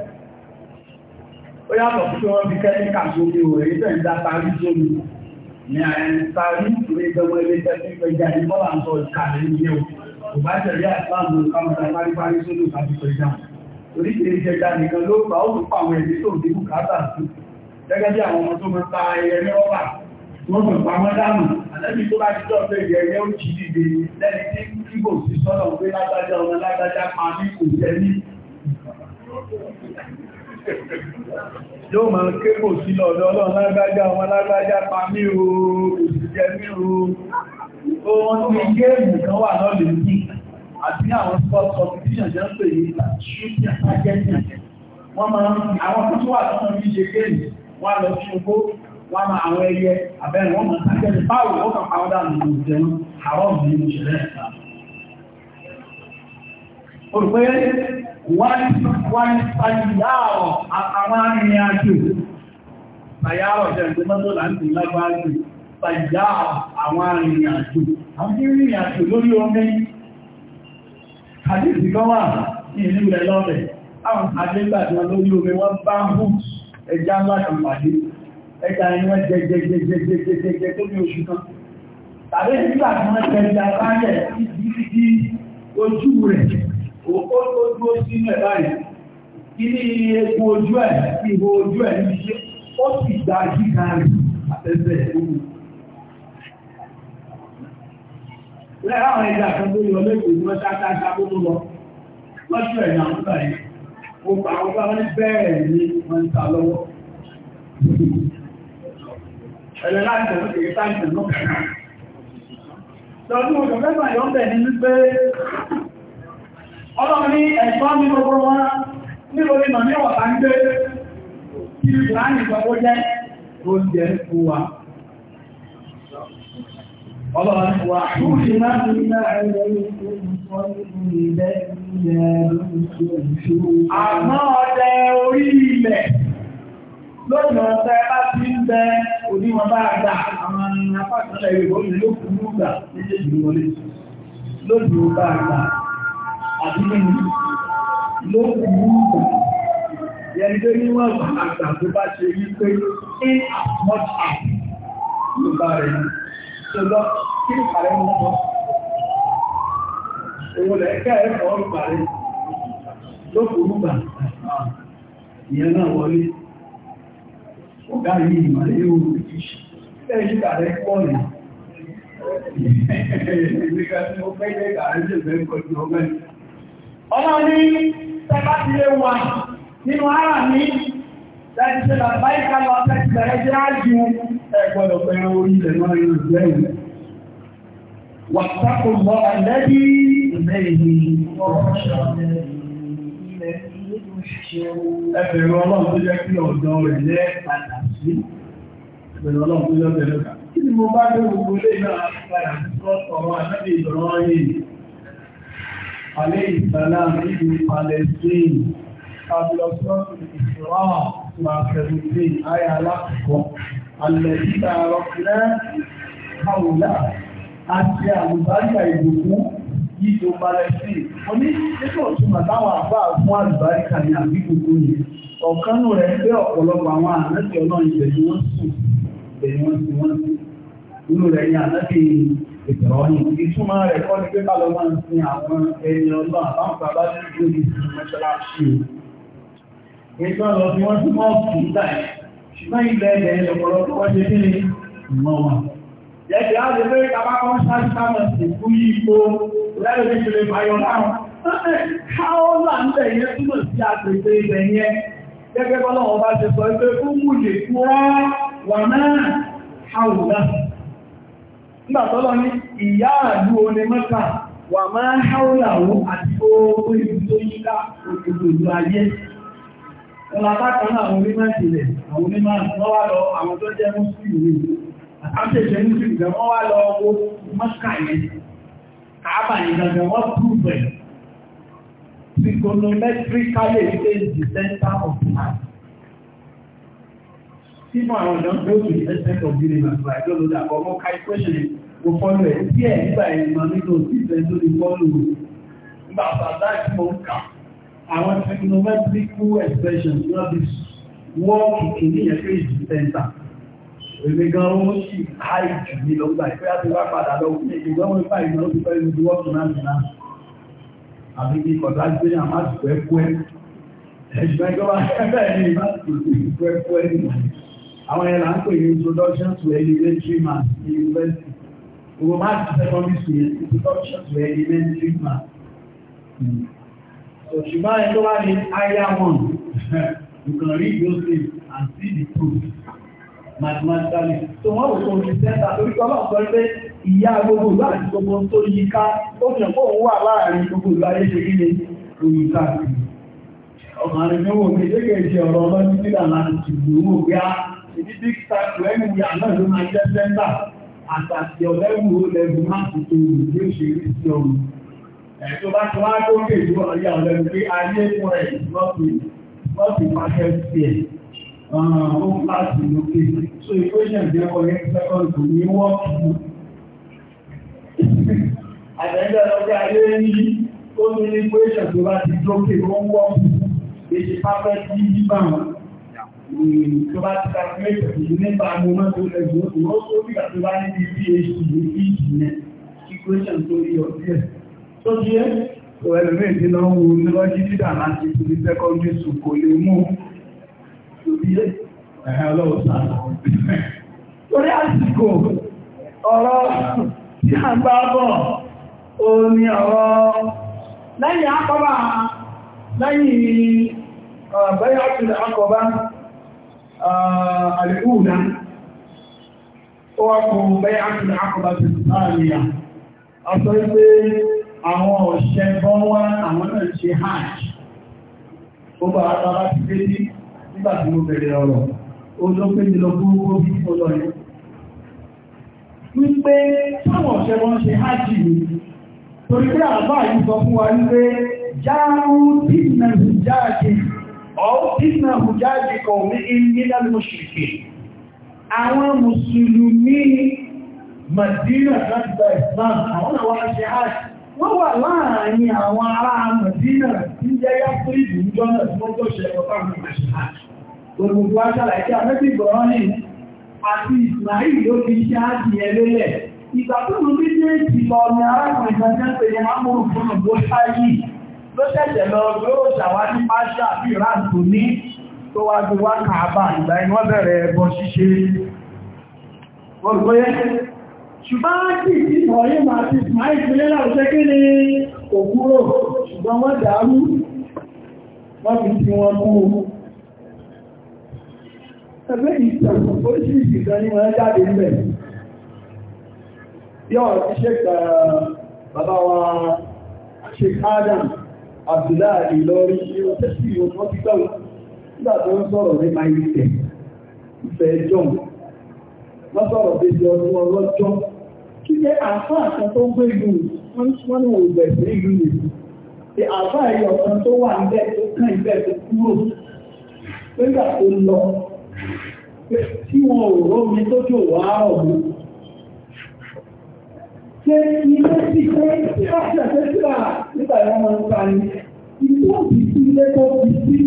ó yàtọ̀ sí wọ́n fi kẹ́míkà sómi ò rí tẹ̀ ń dá parí sómi ní àyẹ̀ntàrí ìwé ìgbẹ̀mọ̀ ilé tẹ́sí ìgbẹ̀jà ní bọ́lá ń sọ ìkàlẹ̀ ní o kò bá tẹ̀lé àtìláàmù kàmùsà paríparí sódò tàbí pẹ̀jà orí kìí jẹjà nìkan ló bá ó pa àwọn ẹ̀mí tó dé bùkátà sí gẹ́gẹ́ bí àwọn ọmọ tó mọ́ ta ẹyẹ ní ọ́pà wọ́n mọ̀ pa wọ́n dànù àlẹ́bí tó bá ti jọ pé ìyẹyẹ ó ti dìde lẹ́ni tí kíbò sí sọ́dọ̀ pé lágbájá ọmọ lágbájá pa ní kò tẹ́lí Yóò máa kéèkò sí lọ́dọ̀ ọlọ́run lágbájá ọmọ lágbájá pa mí o, òṣìṣẹ́ mí o. Ohun ní géèmù kan wà lọ́lẹ̀ ní àti àwọn sport competition jẹ́ ń pè ní shooting targeting. Wọ́n máa ń àwọn tó wà tó ń ṣe géèmù wọ́n lọ sí ogó, wọ́n máa àwọn ẹyẹ abẹ́rẹ̀ wọ́n máa targeting báwo wọ́n kàn pàwọ́dà nínú ìjẹun àwọn òmìnir wọ́n ṣàyàrọ̀ àwọn arìnrìn àjò ṣàyàrọ̀ jẹ́ mọ́tò láti lágbàájú ṣàyàrọ̀ àwọn arìnrìn àjò àwọn arìnrìn àjò lórí omi àdìsí kan wà ní ìlú rẹ̀ lọ́rẹ̀ àwọn àdégbàjọ lórí omi wọ́n bá ń hù ẹja ńlá kan pàdé ẹja ìwọ́n jẹjẹjẹjẹjẹjẹjẹ tó ní oṣù kan tàbí nígbà tí wọ́n jẹjẹ abáyẹ̀ ojú rẹ̀ òkó tó dúró sí mẹ́ta yìí kí ní egbò ojú ẹ̀ ihò ojú ẹ̀ ní ṣe ó sì gba gíga rẹ̀ àtẹ́sẹ̀ ìlú lẹ́yìn àwọn ẹ̀dà kan tó yọ lẹ́gbẹ̀ẹ́ ní wọ́n ṣáṣáṣá tó tó lọ lọ́jọ́ ẹ̀ náà nígbà yìí mo pa àwọn bá wọn bẹ́ẹ̀ ni wọ́n ń ta náà lọ́dún ọ̀dọ̀ mẹ́fà yọ̀ bẹ̀ ní wípé ọlọ́run ní ẹ̀ṣọ́ ní gbogbo wọn nítorí mà ní ọ̀tá ń gbé kí ìgbàgbó jẹ́ oúnjẹ fún ọlọ́run wà fún ìlànà bá ti ń bẹ oníwọ̀n bá gbà àwọn apákanlẹ̀ Yorùbá ló kú lúgbà méjèèjì wọlé lónà ọ̀bá gbà àti nínú ló kù ìgbà yẹni tó níwọ̀n àgbà tó bá ṣe yí pé in as much as ló bá rẹ̀ tó lọ kí ní pàrẹ mú wọn owó lẹ́ẹ̀kẹ́ ẹ̀kọ́ ọ̀rọ̀ pàrẹ ló kù ìgbà ìyẹn náà wọlé ọ̀gá yìí ìmọ̀lẹ́ yóò rí ṣe ṣe kàrẹ pọ̀ nìí Ìgbéga tí ó fẹ́ jẹ́ ìgbà rẹ̀ jẹ́ ìgbẹ́ ọmọ ní tẹ́bá ti lè wà nínú ara ní láti ṣe bàbá ìkàlọ̀ tẹ́tì bẹ̀rẹ̀ jẹ́ ájú ẹgbọ́dọ̀ pẹ̀lú orí ilẹ̀ náà yóò jẹ́ ìlẹ̀ wàtàkùn lọ àlẹ́bí ilẹ̀ ìlú ẹbẹ̀rẹ̀ ọlọ́run tó jẹ́ kí ọ̀dọ́ rẹ̀ lẹ́ padà sí ẹbẹ̀rẹ̀ ọlọ́run alẹ́ ìsàlám ìlú palestine abúlọ́sọ́tù ìṣòro pàṣẹlùsí ayé alákọ̀ọ́ alẹ́síta rọ́pẹ́ kàwùlá àti àlùbáríkà ìbùkún yíò palestine ó ní nígbà òtúmọ̀ táwọn àbá fún àlùbáríkà ní àbíkùkù yìí ọ̀kanú rẹ̀ pé ọ̀pọ̀lọpọ̀ àwọn ànájẹ́ ọlọ́run ìbẹ̀ni wọ́n sùn ìbẹ̀ni wọ́n sùn wọ́n sùn inú rẹ̀ ní ànájẹ́ yìí ìrọ̀yìn ìtumọ̀ rẹ̀ kọ́ ní pé bá lọ máa ń sin àwọn ẹni ọlọ́run àbáwọn bàbá ní ìlú ìsìn mọ́ṣáláṣí o nígbà lọ sí wọ́n tí mọ́ kì í dà ṣùgbọ́n ilẹ̀ ẹ̀dẹ̀ lọ́pọ̀lọpọ̀ wọ́n ṣe kí ìmọ̀ wọn yẹ́dẹ̀ á lè lórí bàbá kan ṣáájú sáwọn ìsìnkú yípo lẹ́yìn ní ìṣẹ̀lẹ̀ fàyọ̀ láwọn káọ́là ń bẹ̀ yẹn túmọ̀ sí nígbàtọ́lọ́ ní ìyá àlú oní mẹ́ta wà máa háúlàwó àti oó ìlú tó yíká òkèdòdó ayé ọlátákan àwọn onímọ̀-ìjìnlẹ̀ àwọn onímọ̀ wọ́n àwọn tó Tí mọ̀ àwọn ìdánwò tó ti ẹsẹ̀ kọ̀ọ̀gírí màtàlá ìjọ́ lórí àkọ́mọ́ ká ìkwẹ́ṣẹ̀ mo fọ́lọ̀ ẹ̀ tí ẹ̀ nígbà ìrìnà nínú ìfẹ́ tó lè fọ́lọ̀ nígbà bàbá ìfọ́ ń kà àwọn trigonometrical expressions wọ́n ti wọ́ọ̀kì kìíní yẹn pé ìjì tẹ́ńtà èmi gan ó sì háìjù ní lọ́gbà ìfẹ́ àti wá padà lọ fún èdè wọ́n wípá ìgbà ó ti fẹ́ ìlú wọ́ọ̀kì náà nìyà àbí kí kọ̀dá gbé ní àmásùkú ẹ̀kú ẹ̀ ẹ̀ṣùgbọ́n ìjọba ẹgbẹ́ ẹ̀ ní ìmásùkú ẹ̀kú ẹ̀ nìyà àwọn ẹ̀là ń pè ní introduction to elementary math We will mark the secondary school introduction to elementary math. Mm. So she buy tó wá ní aya one, you can read those things and see the proof mathematically. So wọ́n wò tó ní sẹ́ńtà torí kọ́ náà sọ pé ìyá gbogbo ìlú àti gbogbo tó yí ká ó fi hàn fóun wà láàrin gbogbo ìlú ayé ṣe kí ni oyin káàkiri. Ọkùnrin mi wò pé ṣéke ṣe ọ̀rọ̀ ọlọ́dún nígbà láti ṣùgbọ́n wò pé a ṣe ní big time to anywhere náà ló máa jẹ́ sẹ́ńtà àtàtì ọ̀lẹ́wù lẹ́gbù máa ti tó ìlú bí ó ṣe rí sí ọrùn. Ẹ̀tọ́ bá ti wá gókè ìlú ọ̀rí ọ̀lẹ́wù pé ayé fún ẹ̀ lọ́pì lọ́pì pàṣẹ sí ẹ̀ ó ń láti lókè. So equation jẹ́ ọ̀rẹ́ second kò ní wọ́ọ̀kì. Àtẹ̀jọ́ lọ́jọ́ ayé ní ó ní equation tó bá ti dókè ó ń wọ́ọ̀kì. Èṣe pápẹ́ sí yíbà tó bá ti calculate yìí nípa mọ́mọ́ tó lẹ́gbẹ̀ẹ́ òkú ó tó bí àti bá níbi phd ní phd yẹn equation tó rí ọdí ẹ̀ tó ti ẹ́ tó ẹlòmíì ti lọ wo lọ́jí dídà láti ti ní secondary school kò lè mú tó ti ẹ́ ẹ̀hẹ́ ọlọ́wọ́ sáà torí àsìkò ọ̀rọ̀ tí a gbá bọ̀ o ní ọ̀rọ̀ lẹ́yìn akọba lẹ́yìn àbẹ́yàtìlẹ̀ uh, akọba àlẹ́kùnà ó wá fún bẹ́ẹ̀ àtúnṣe àkọ́bàtì sáàríyà ọ̀sọ́ pé àwọn ọ̀ṣẹ́ bọ́ wá àwọn náà ṣe hajj ó bá àtàrà ti dé ní nígbà tí mo bẹ̀rẹ̀ ọ̀rọ̀ ó ló pé ní lọ gbogbo bí ó lọ yẹn wípé táwọn ọ̀ṣẹ́ أو إن هجاج قوم من المشركين àwọn mùsùlùmí Màdínà lágbà Islam àwọn àwọn aṣíhàṣì wọ́n wà láàárín àwọn ará Màdínà tí jẹ́ yáfíìdì ń jọ́nà tí wọ́n tó ṣe ọ̀pá àwọn aṣíhàṣì gbogbo aṣàlàyé àmẹ́bí gbọ́rọ́nìn àti Ismail ló fi ló ṣẹ̀ṣẹ̀ lọ yóò ṣàwárí pàṣà bí ráàtò ní tó wá gbé wá kàábà ìgbà inú ọ̀bẹ̀rẹ̀ ẹbọ ṣíṣe olùgbóyé ṣùgbọ́n ti máa ìpínlẹ̀ láwùjẹ́ kí ni òkúrò ṣùgbọ́n wọ́n dàrú wọ́n ti wọn mú ẹgbẹ́ ìtẹ̀kùn oríṣìíṣìí kan ní wọ́n jáde ń bẹ̀ yọ́ ti ṣe bàbá wa ṣe Adam Abdullahi Ìlọrin yóò tẹ́sí ìwọ̀n tí gbáwọ́ nígbà tó ń sọ̀rọ̀ ní Maìlẹ̀ ìfẹ́ John. Wọ́n sọ̀rọ̀ bí i ọdún ọlọ́jọ́. Kí jẹ́ àfá àkan tó gbé ìlú wọ́n ní òògbẹ̀ sí ìlú nìyí. Ṣé àfá ẹ̀yọ̀ kan tó wà ń bẹ́ tó kàn ìbẹ̀ tó kúrò nígbà tó lọ. Tí wọn ò rọ́ mi tó jò wá ọ̀hún ṣe ilé tí pé tí a ṣe ṣe tí a nígbà ìwọ̀n máa ń ta ni ìlú òbí sí ilé tó fi sí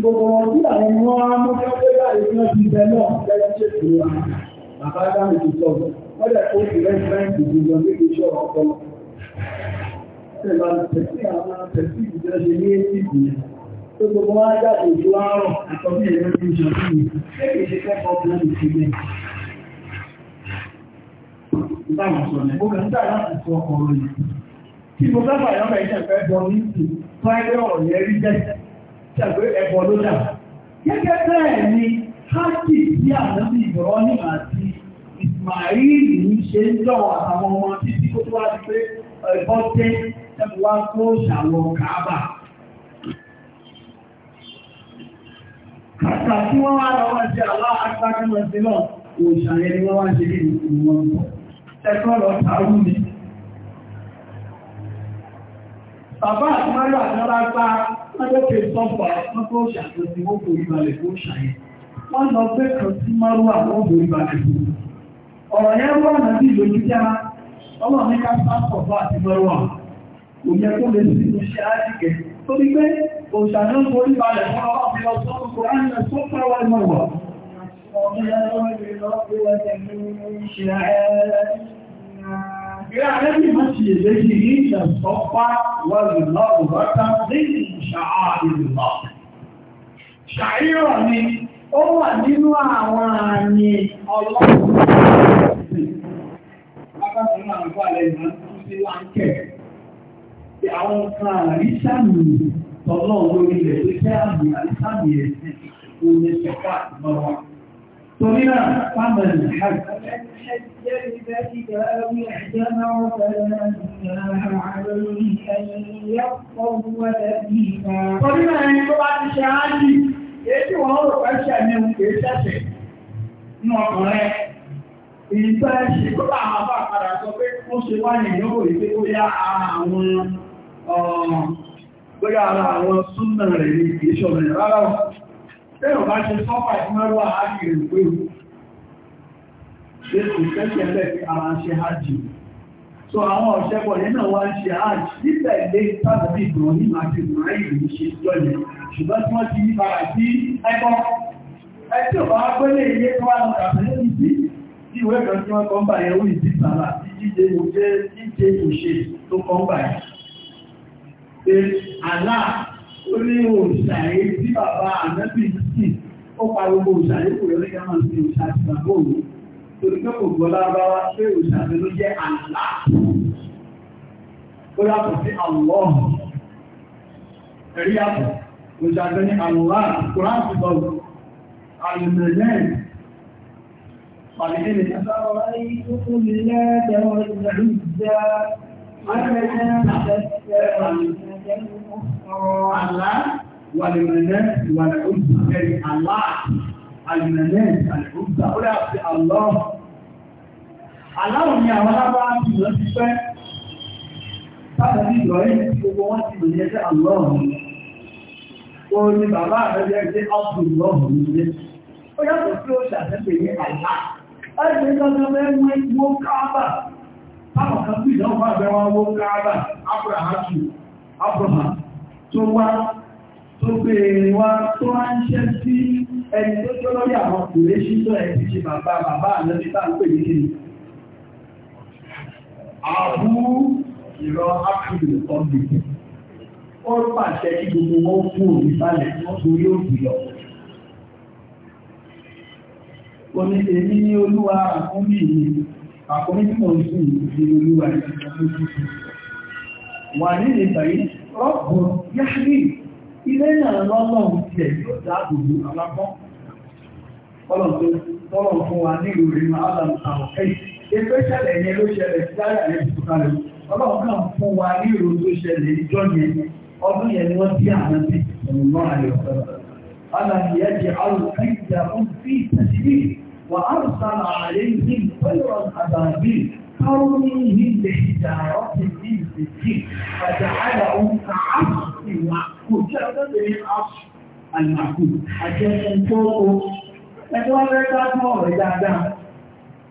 gbogbo wọn tí àwọn ọmọ amúkẹ́ pé láì fi hàn ti bẹ náà lẹ́yìn ṣe tó wà bàbá dáhùn ti sọ wọ́n dẹ̀ tó fi lẹ́yìn lẹ́yìn ìdìbò yọ níbi iṣẹ́ ọ̀pọ̀ ṣe máa ní èsì ìgbìyàn tó gbogbo ìdáhùn sọ̀rọ̀ ó kàn ń dà láti sọ ọ̀rọ̀ yìí. Kí mo sábà yọ ọmọ ìṣẹ̀ fẹ́ bọ ní ìsìn fáyé ọ̀rọ̀ yẹn rí jẹ́ ṣàgbé ẹ̀bọ ló dà. Gẹ́gẹ́ bẹ́ẹ̀ ni Hákì tí ànábì Ìbọ̀rọ́nì àti Ismail ń ṣe ń jọ àtàwọn ọmọ títí kó tó wá sí pé ẹ̀bọ́ tẹ́ ẹ̀bùn wá kó ṣàwọ̀ Kàábà. Kàkà tí wọ́n wá lọ́wọ́ ṣe àlọ́ àgbàgbọ́n sí náà, òṣàyẹ ni wọ́n wá ṣe bí ìwọ̀n bọ̀ ẹ̀kọ́ lọ tààrù mi. Bàbá àti Mọ́lá àjọ́lá gbá lọ́jọ́kẹ́ sọ́fà wọ́n tó ṣàtọ́sí wọ́n kò ìbàlẹ̀ tó ṣàyẹ̀. Wọ́n lọ pé kan sí Mọ́lá wọ́n kò ìbàlẹ̀ tó. Ọ̀rọ̀ yẹn wọ́n nà bí lójú já, ọmọ mi ká sáfọ̀ bá àti Mọ́lá. Kò yẹ kó lè sí mo ṣe ájìkẹ́. Torí pé òṣàdán kò ìbàlẹ̀ fún ọmọ mi lọ sọ́kùnkùn الصلاة والمغفرة من شعائر Ìrẹ́ àrẹ́bì máa ṣe èléjì ní ìṣẹ̀sọ́pá wà lè lọ́rùn rọ́ta ní ìṣàá ìlúmọ̀. Ṣàírọ̀ ni ó wà nínú àwọn àmì ọlọ́rùn. Lápapọ̀ náà ń pàlẹ̀ ìmọ̀ sí láńkẹ̀. Àwọn kan àríṣàmì tọ́lọ́ lórí tó jẹ́ àmì àríṣàmì ẹ̀sìn òun ni ṣẹ̀fà lọ́wọ́. Torina faman hajj. Torina ẹni tó bá ti ṣe ájì, èyí wọ́n rò pẹ́ ṣẹ̀ ní òkè ṣẹ̀ṣẹ̀ ní ọkùnrin. Èyí tó ẹ ṣe tó bá àwọn bá padà sọ pé ó ṣe wá ní ìyókò ìpé ó yá àwọn ọ̀rọ̀ bóyá ara Tẹ́yàn bá ṣe sọ́pà ìmọ́rọ̀ àárí ìrùgbé ìlú. Ṣé kò tẹ́kẹ̀ẹ́ lẹ́fẹ́ ara ṣe hajjì. So àwọn ọ̀ṣẹ́pọ̀ yẹn náà wá ń ṣe hajjì níbẹ̀ lé tàbí ìgbọ̀n ní àti ìrùn ìlú ṣe jọlẹ̀. Ṣùgbọ́n tí wọ́n ti ní bára sí ẹgbọ́. Ẹ tí ò bá gbélé ilé tó wà lọ́dà pẹ̀lú ìdí tí ìwé kan tí wọ́n kọ́ ń bà yẹn ó ìdí sàrà sí jíjẹ òṣè tó kọ́ ń bà yẹn. Ṣé àlá ó ní òṣàyé tí bàbá ànábì sì ó pa gbogbo òṣàyé kò yọ nígbà máa ń sin òṣà àti bàbá òun torí pé kò gbọ́ lárúbáwá pé òṣà mi ló jẹ́ àlá Àlá wàlìmọ̀lẹ́ wàlìmọ̀lẹ́ bẹ̀rẹ̀ àlá àlìmọ̀lẹ́ àlìmọ̀lẹ́ ó rẹ̀ àti àlọ́. Àláwọ̀ ni àwọn alábá ti lọ ti pẹ́. Sáàtà ní ìlọ́rí gbogbo wọn ti lò ní ẹgbẹ́ àlọ́ ọ̀hún. Ó ní bàbá àrẹ́jẹ́ ẹgbẹ́ ọ̀pùn lọ́hùn nílé. Ó yàtọ̀ sí ó ṣàtẹ́pẹ̀ ní àlá. Ẹgbẹ́ ìjọba mẹ́rin wọ́n káábà. Táwọn kan sí ìjọba bẹ́ẹ̀ wọ́n wọ́n káábà. Ápùrà á Abraham tó wá tó béèrè e wá tó ránṣẹ́ sí ẹni tó tó lórí àwọn kòrè ṣíṣọ́ ẹ̀sì ṣe bàbá bàbá àlọ́bí bá ń pè ní kìí. Àbú ìrọ̀ Áfíríkì ọ̀gbìn. Ó pàṣẹ kí gbogbo wọn fún òbí balẹ̀ tí wọ́n torí òbí lọ. Oní èmi ní olúwa àkúnmí ìlú, àkúnmí olúwa wà nílé bàyí rọ́pù yáàrí ilé náà lọ́lọ́run ti ẹ̀ yóò dáàbòbò alákọ́ tọ́lọ̀ fún wa ní ìròyìn adam àwọn ẹ̀yìn ẹgbẹ́ ṣẹlẹ̀ yẹn ló ṣẹlẹ̀ sí àyà yẹn tó kalẹ̀ ọlọ́run náà fún wa ní ìròyìn tó ṣẹlẹ̀ ìjọ yẹn كونه لحجارة من سجين فجعله كعصف معقول هذا من عصف المعقول عشان فوقه ẹgbẹ́ wọn rẹ́gbá fún ọ̀rẹ́ dáadáa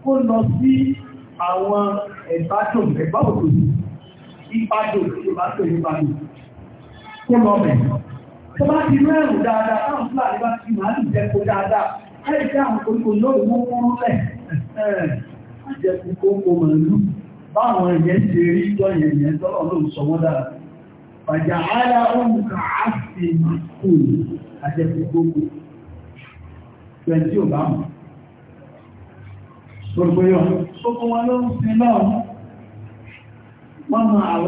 kó lọ sí àwọn ẹ̀bátò ẹ̀bá òkú ìbádò ìbátò ìbádò kó lọ bẹ̀. tó bá ti rẹ́rùn dáadáa táwọn fúlàní bá ti máa ń jẹ́ kó dáadáa láì jẹ́ àwọn koríko lóòrùn mú fún lẹ̀ àjẹ́kù kókó màálù báwọn ẹ̀yẹ́ ṣe rí jọ ẹ̀yẹ́ tọ́lọ̀ ló sọ wọ́n dára pàjá ara ohun á sì kúrò àjẹ́kù kókó pẹ̀lú mọ̀ gbogbo gbogbo náà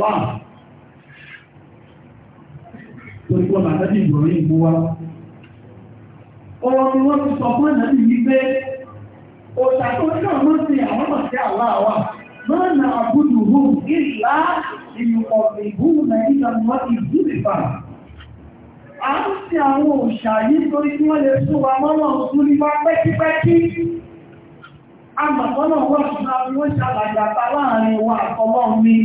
ọwọ́ wọ́n òṣà tó ní ọmọ àwọn ọmọ sí máa na àbúdù ìlà na ìjọba a ń sí àwọn òṣà yìí torí tí wọ́n lè sún wa mọ́nà òsún pẹ́kípẹ́kí àgbàkọ́nà wọ́n ti máa fi wọ́n ṣàlàyé láàrin mi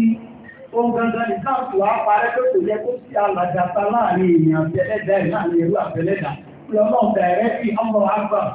ohun gangan tó kò yẹ kó sí láàrin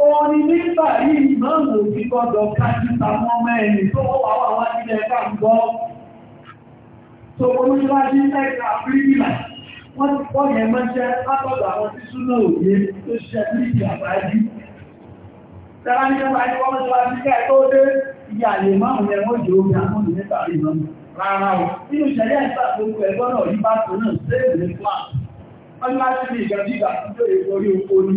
Oni nígbà yìí máa mú sí gbọ́dọ̀ kájíta mọ́ mẹ́rin tó wà wà wá nílẹ̀ ẹ̀ká ń gbọ́. So, olúwájí ẹ̀ka frígìlà, wọ́n ti pọ́ yẹn mọ́ jẹ́ látọ̀dọ̀ àwọn tí súnà òye tó ṣẹ́ ní ìyàbájú. Tẹ́lá ní ọmọ ayé wọ́n wá sí kẹ́ tó dé ìyà lè máa mú ẹwọ́n jò ó bí àwọn olùdé tàbí mọ́. Rárá o, nínú ìṣẹ̀lẹ̀ ìgbà tó kọ ẹgbọ́n ní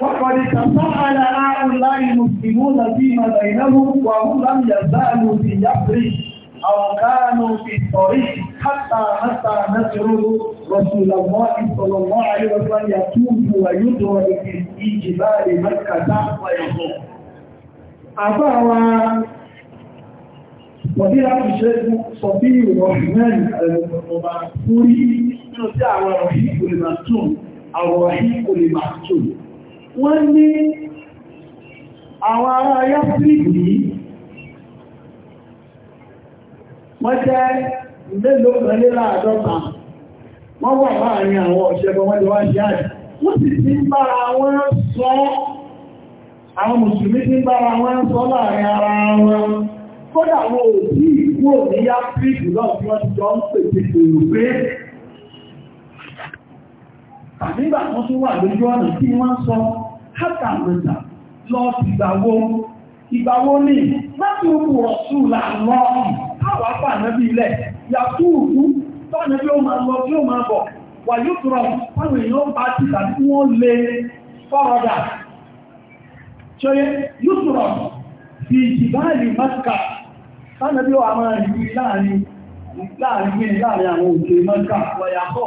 وقد تصعد هؤلاء المسلمون فيما بينهم وهم لم يزالوا في يفرق أو كانوا في الطريق حتى حتى نسروا رسول الله صلى الله عليه وسلم يطوف ويدرك في جبال مكة ويقول أفهو Wọ̀díra ìṣẹ́gun sọ bí ìrọ̀hìmẹ́rin ọba fúrí nínú tí àwọn ọ̀rọ̀ yìí máa tún, àwọn ọ̀rọ̀ yìí máa tún. wọ́n ní àwọn ará yásílìbì wọ́n jẹ́ mélòó pẹ̀lú láàdọ́ta wọ́n wà ní àwọn ọ̀ṣẹ́gbọ́n wọ́n jẹ́ wá àjẹ́ wọ́n sì ti ń bára sọ àwọn mùsùlùmí ti ń bára wọn sọ láàrin ara wọn kódà wọn ò sí ìkú òní yásílìbì lọ́ọ̀ Àbígbà wọn tún wà lójú ọ̀nà tí wọ́n sọ hátàmọ̀tà lọ ìgbàwó. Ìgbàwó ní láti òkú ọ̀sù làlọ́ àwọn apá ànábí ilẹ̀ yàtú òkú tọ́nà bí ó máa lọ bí ó máa bọ̀. Wà yóò tọrọ fáwọn èèyàn bá ti tàbí wọ́n lè fọ́rọ̀dà. Ṣọ́yẹ́ yóò tọrọ fi ìjìbáàlì Máṣíkà tọ́nà bí ó máa rí láàrin láàrin àwọn òkè Máṣíkà wọ̀yà kọ́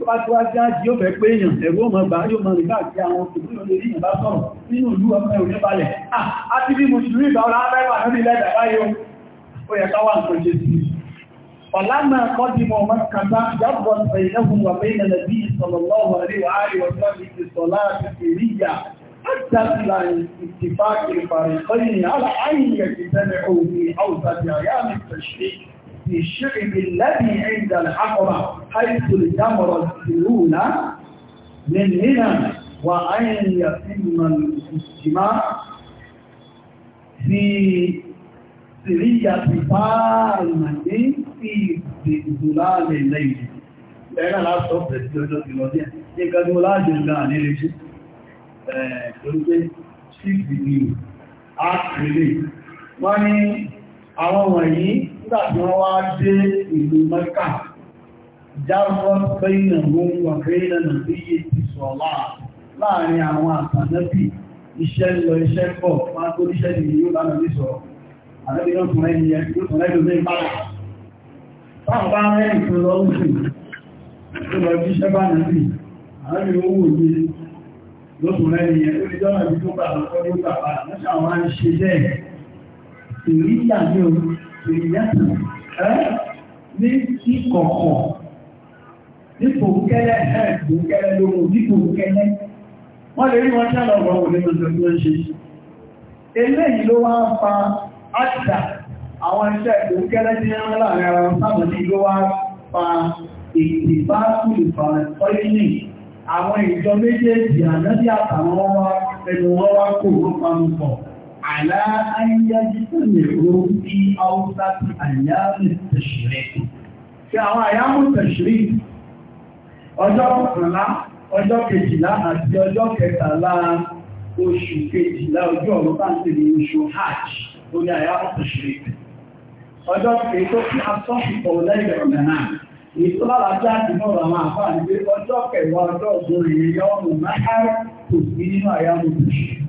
tó bá tó ajá jí ó fẹ́ pé èèyàn ẹ̀rọ ọmọ bá yóò mọ̀ nígbà tí àwọn òṣèlú lè rí ìbá sọ̀rọ̀ nínú ìlú ọmọ ìrìn balẹ̀ a ti bí mùsùlùmí ìgbà ọlá mẹ́fà níbi ilẹ̀ ìdàbáyọ ó yẹ káwà nǹkan jẹ́ sí ọ̀lànà kọ́dìmọ̀ ọmọ kàtà yàbọ̀ ìlẹ́gùn wà bẹ́ẹ̀ nà bí sallallahu alaihi wa alihi wa sallam sọ̀lá àti ìrìyà àjàsílà ìtìfà kìrìfàrí kọ́yìn àlà àyìnyẹ̀ ìtẹ́lẹ̀ òun ni àwùjọ àti àyà mi tẹ̀ṣẹ́ في الشعب الذي عند الحقرة حيث الجمرة الأولى من هنا وأين يتم الاجتماع في سرية فارمة في ظلال الليل لأن لا صوت الجوجو في الوضيع يقول ولا جلنا نلجي lórípé sífì ní àkìlè wọ́n ní àwọn wọ̀nyí nígbàtí wọ́n wá dé ìlú mẹ́kà jáwọ́n bẹ́yìnà wọn wà bẹ́yìnà nà bí yé ti sọ̀lá láàrin àwọn àtànẹ́bì iṣẹ́ lọ iṣẹ́ pọ̀ máa tó níṣẹ́ ni yóò lánà ní sọ̀rọ̀ àtẹ́bí yóò tún ẹni yẹn yóò tún ẹni lómi máa táwọn bá rẹ̀ ìfún lọ ń sùn tó lọ bí iṣẹ́ bá nàbì ìyàtọ̀ ẹ́ ní kíkọ̀kọ̀ nípò kẹ́lẹ́ ẹ̀ẹ́gbò kẹ́lẹ́ lóhun nípò kẹ́lẹ́ wọ́n lè rí wọn ṣẹ́lọ̀ ọ̀rọ̀ òní ọjọ́ tó ń ṣe eléyìí ló wá ń fa àṣà àwọn iṣẹ́ ìgbò kẹ́lẹ́ tí wọ́n láàrin ara wọn sábà ní ló wá fa èdè bá kùlù fàrẹ̀kọ́lẹ́nì àwọn ìjọ méjèèjì ànábí àtàwọn wọn wá ẹnu wọn wá kò ló pamọ́ على أن يجتمعوا في أوسط أيام التشريق في أيام التشريق ọjọ́ kọkànlá ọjọ́ kejìlá àti ọjọ́ kẹtàlá oṣù kejìlá ojú ọ̀rọ̀ bá ń tè ní oṣù hajj lórí àyà ọ̀tọ̀ṣìrì ọjọ́ kejì tó kí asọ́ṣùpọ̀ lẹ́yìn ọ̀nà náà ètò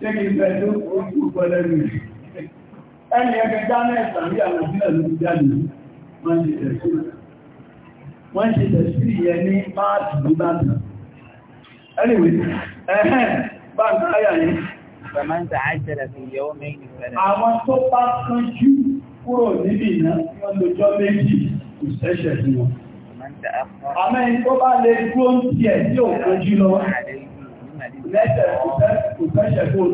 Ṣégi pẹ̀lú ojú pẹ̀lẹ́rù rẹ̀. Ẹni ẹgbẹ́ dáná wọ́n ṣe tẹ̀sí. Wọ́n ṣe ní máàtì ní bàtà. Anyway, ẹ̀hẹ́n, bá ń káyà ní. Bàmáńtà àìṣẹ́lẹ̀ fi yẹ ó mẹ́rin fẹ́rẹ̀. Àwọn tó bá kánjú kúrò níbi ìná tí wọ́n lójọ́ méjì kò sẹ́ṣẹ̀ wọn lẹ́sẹ̀ àwọn èèyàn wá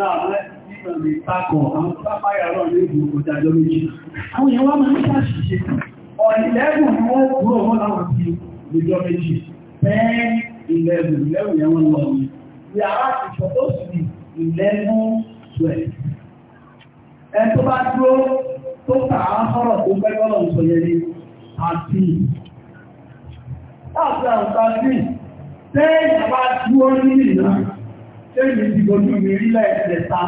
máa ń ṣàṣìṣe. Ọ̀ìlẹ́gùn ni wọ́n kúrò wọ́n láwọn ti lójọ́ méjì. Bẹ́ẹ̀ ìlẹ́gùn ìlẹ́gùn yẹn wọ́n lọ ní. Yàrá ìṣọ́ tó sì ìlẹ́gùn rẹ̀. Ẹ tó bá dúró tó tà á sọ̀rọ̀ tó fẹ́ lọ́lọ́ sọ yẹn ni àti. Láti àwọn tàbí, tẹ́ ìjọba dúró nínú ìlànà èmi ti gbọ́dọ̀ mi rí lẹ́ẹ̀ẹ́dẹ́ta.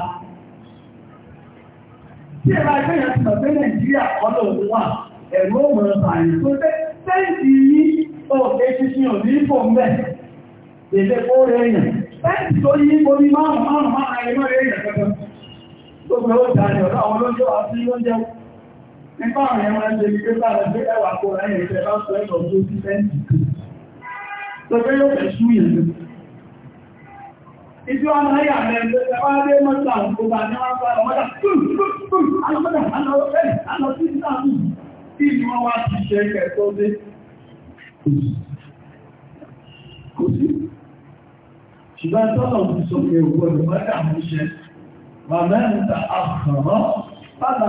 Tí ẹ bá gbé yẹn ti mọ̀ Nàìjíríà kọ́lọ̀ òun wà, ẹ̀rọ òmùrọ̀ àbàyè tó dé sẹ́ǹtì ní òkè ṣinṣin ò ní fò mẹ́. Èdè kó rẹ̀ yẹn. Sẹ́ǹtì tó yí mo ní márùn-ún márùn-ún márùn-ún ayé mọ́ rẹ̀ yẹn kankan. tó gbé yóò fẹ́ Ìjú ọmọ ẹ̀yà rẹ̀ ló ṣe wá dé mọ́ta òkúta ní wọ́n bá ọmọdá tún tún tún alọ́mọdá alọ́ sí sáàmù tí ni wọ́n wá ti ṣe kẹ̀kọ́ dé. Kò sí. Ṣùgbọ́n tọ́lọ̀ ti sọ pé òwú ẹ̀rọ mọ́ta mú ṣe. Bàbá ń ta àkàrọ̀ bàbá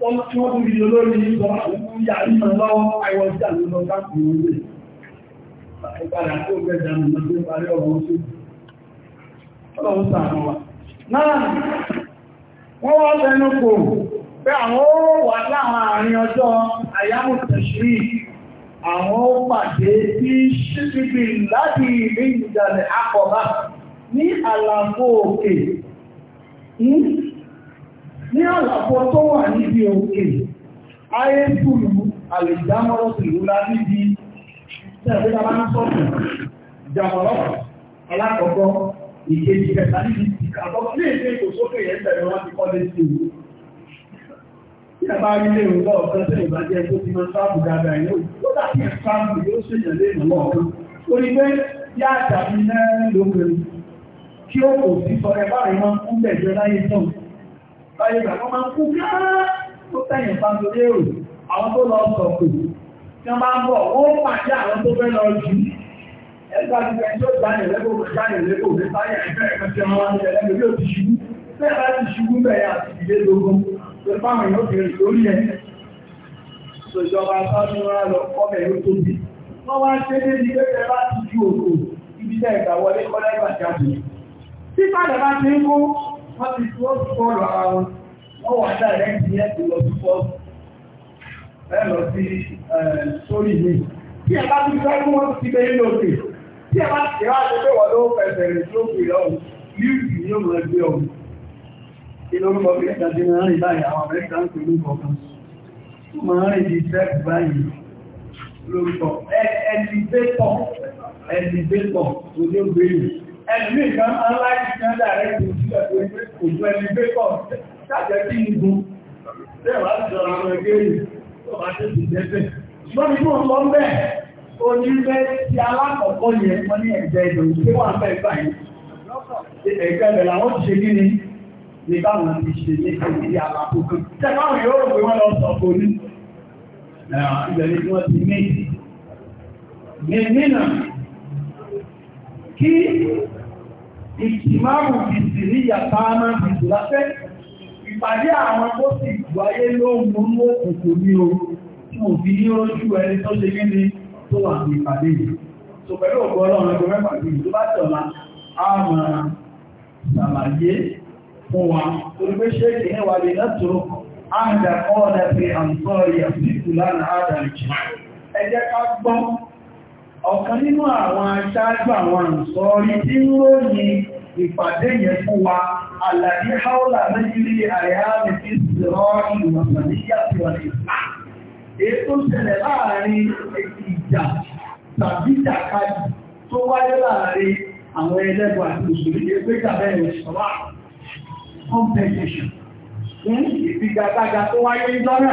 wọ́n tí wọ́n tún gidi olórí ìlú ìyá ìmọ̀ lọ́wọ́ àìwọ̀sí àlúlọ láti orílẹ̀ ìpadà tó gbẹ̀dà nìmọ̀ tó parí ọmọ oṣù ọlọ́run sàánà wa kò pé àwọn ó wà láwọn àárín ọjọ́ àyámù àwọn ó pàdé tí ṣíṣíbi láti ìlú ìjàlẹ̀ àkọ́bá ní àlàfo òkè hmm? ní àlàfo tó wà níbi òkè ayé fúlù àlèdámọ́rọ̀ tìlú lá níbi tẹ́ẹ̀fẹ́ ìkejì kẹta níbi ìkàbọ̀ ní èdè ìkòsókè yẹn tẹ̀lé wọn ti kọ́lé sí ìwú. Bí a bá rí léwu lọ ọ̀kan tẹ̀lé bá jẹ́ tó ti máa sáàbù dáadáa ìlú, ó dàbí ìsáàbù yóò ṣèyàn lé ìrànlọ́ ọ̀kan. Ó rí pé yá àjàbí náà lókèrè kí ó kò sí sọ ẹ bá rí wọn fún bẹ̀jọ láyé tán báyìí ìgbà wọ́n máa ń kú gáà tó tẹ̀yìn pàtàkì èrò àwọn tó lọ sọ̀kù tí wọ́n bá ń bọ̀ wọ́n pàdé àwọn tó fẹ́ lọ jù ẹgbẹ́ àti ẹni tó gbáyẹ̀ lẹ́gbò gbáyẹ̀ lẹ́gbò ní sáyẹ̀ ẹgbẹ́ ẹgbẹ́ tí wọ́n wá ní ẹlẹ́gbẹ́ yóò ti ṣubú bẹ́ẹ̀ bá ti ṣubú bẹ̀rẹ̀ àti ìdílé lógún tó fáwọn èèyàn bèrè lórí ẹ̀ tó ìjọba sáwọn ará lọ kọ́bẹ̀ yóò tóbi wọ́n wá ṣe dé ní pé ẹ bá ti ju òkò ibi tẹ́ ìgbà wọlé kọ́lẹ́gbà jáde tí padà bá ti ń kó wọ́n ti tí wọ́n sọ̀rọ̀ ara wọn wọ́n wà dáadáa ti yẹ́ ti lọ sí fọ́ọ̀sì ẹ lọ sí sórí mi tí ẹ bá ti fẹ́ kí wọ́n ti bẹ́ẹ̀ lókè tí ẹ bá ti wá ṣe pé wọ́n ló fẹsẹ̀ rẹ̀ tó kù yọ ọ̀hún líìsì ni ó mọ̀ ẹgbẹ́ ọ̀hún inú orúkọ bí ẹ̀ka ti máa ń rìn báyìí àwọn amẹ́ríkà ń pè ní kọ̀ọ̀kan ó máa ń rìn di sẹ́ẹ̀kì báyìí lórúkọ ẹ̀ ẹ̀ ti dé pọ̀ ẹ̀ ti dé pọ̀ ẹlùmí kan aláìsí kan dàrẹ́ tó sílẹ̀ tó ẹgbẹ́ kò tó ẹni gbé pọ̀ ṣàjẹ́ kí ní gun tẹ́wàá jọra ọmọ ẹgbẹ́ rẹ̀ tó bá tẹ́ sì jẹ́fẹ́ ṣùgbọ́n ní fún ọmọ bẹ́ẹ̀ ó ní bẹ́ ti alákọ̀ọ́kọ́ yẹn wọ́n ní ẹ̀jẹ̀ ìdòwú tí wọ́n fẹ́ gbà yìí ẹ̀gbẹ́ rẹ̀ làwọn ti ṣe kí ni ní báwọn ti ṣe ní ìdí alákọ̀ọ́kọ́ tẹ́wàá yóò rò pé wọ́n lọ sọ̀kọ́ ní ìbẹ̀rẹ̀ tí wọ́n ti mí Nìmínà kí ìtìmáàrù bìtì ní yàtá máa bìtì ìpàdé àwọn tó sì ayé ló mú mú òkùnkùn ní o tí mo fi ní ojú ẹni tó ṣe kí ni tó wà ní ìpàdé yìí pẹ̀lú ògbọ́ ọlọ́run ẹgbẹ́ mẹ́fà bí bá máa ṣàlàyé fún wa ní lẹ́tọ̀ọ́ kọ́ ọ̀dà pé ọ̀kan nínú àwọn aṣáájú àwọn àǹsọ́rí tí ń ròyìn ìpàdé yẹn fún wa àlàyé haúlà méjìlí àyàmì tí sọ̀rọ̀ ìwọ̀sàníyà tí wọ́n lè fà. ètò ṣẹlẹ̀ láàrin ìjà tàbí ìjàkadì tó wáyé láàrin àwọn ẹlẹ́gbà àti òṣèlú pé jàbẹ́ ìṣọ́lá compensation fún ìfigagbága tó wáyé lọ́nà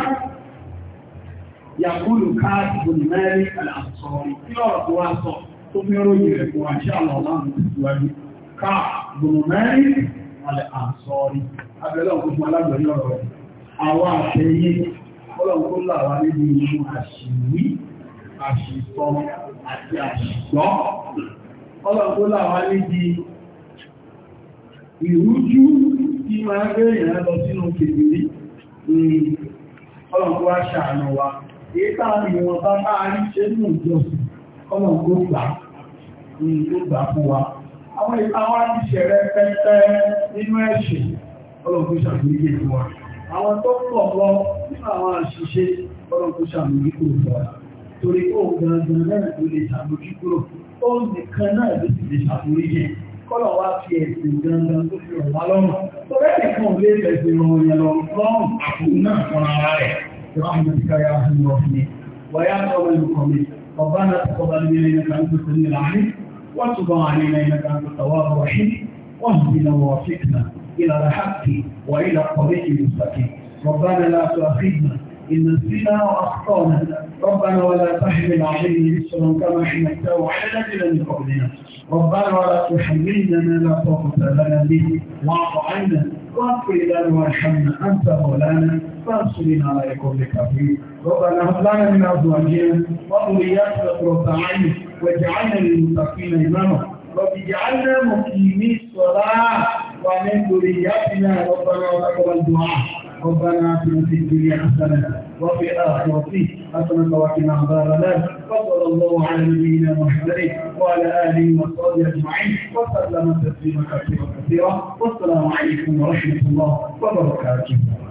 yàkúlù káàkiri mẹ́rin àlàsọ̀rọ̀ tí ọ̀rọ̀ tó wá sọ tó fi ròyìn rẹ̀ fún àṣẹ àlọ́láàmù síwájú káàkiri mẹ́rin àlàsọ̀rọ̀ abẹ́lẹ́ ọkùnrin alágbẹ̀rẹ̀ ọ̀rọ̀ rẹ̀ àwọn àṣẹyí ọlọ́run làwà níbi ìṣù àṣìwí àṣìsọ àti àṣìgbọ́ ọlọ́run làwà níbi ìrújú tí máa gbé ìrìn sínú kèbìrí ọlọ́run wá ṣàánú wa èyí táwọn ìwọ̀n bá máa rí ṣe ní ìjọsìn ọmọ tó gbà ní tó gbà fún wa àwọn ìtawà ti ṣẹ̀rẹ̀ pẹ́pẹ́ nínú ẹ̀ṣẹ̀ ọlọ́pọ̀ ṣàmìlì fún wa àwọn tó pọ̀ lọ nínú àwọn àṣìṣe ọlọ́pọ̀ ṣàmìlì kò lọ torí ó gangan náà ló lè ṣàmójú kúrò ó nìkan náà ló sì lè ṣàforíjì kọ́lọ̀ wá fi ẹ̀sìn gangan tó fi rọ̀ lọ́rùn tó bẹ́ẹ̀ lè fẹ̀sìn برحمتك يا ارحم الراحمين ويا قوم المقامين ربنا تقبل منا انك انت السميع العليم وتب علينا انك انت التواب الرحيم واهدنا ووفقنا الى الحق والى الطريق المستقيم ربنا لا تؤاخذنا ان نسينا واخطانا ربنا ولا تحمل علينا اسرا كما حملته وحلفنا من قبلنا ربنا ولا تحملنا ما لا طاقه لنا به واعف عنا واغفر لنا وارحمنا أنت مولانا فانصرنا على كل كفير ربنا هب لنا من أزواجنا وذرياتنا قرة أعين واجعلنا للمتقين إماما رب اجعلنا مقيمي الصلاة ومن ذرياتنا ربنا وتقبل الدعاء ربنا آتنا في الدنيا حسنة وفي آخرته حسنة وقنا عذاب النار وصلى الله على نبينا محمد وعلى آله وصحبه أجمعين وسلم تسليما كثيرا كثيرا والسلام عليكم ورحمة الله وبركاته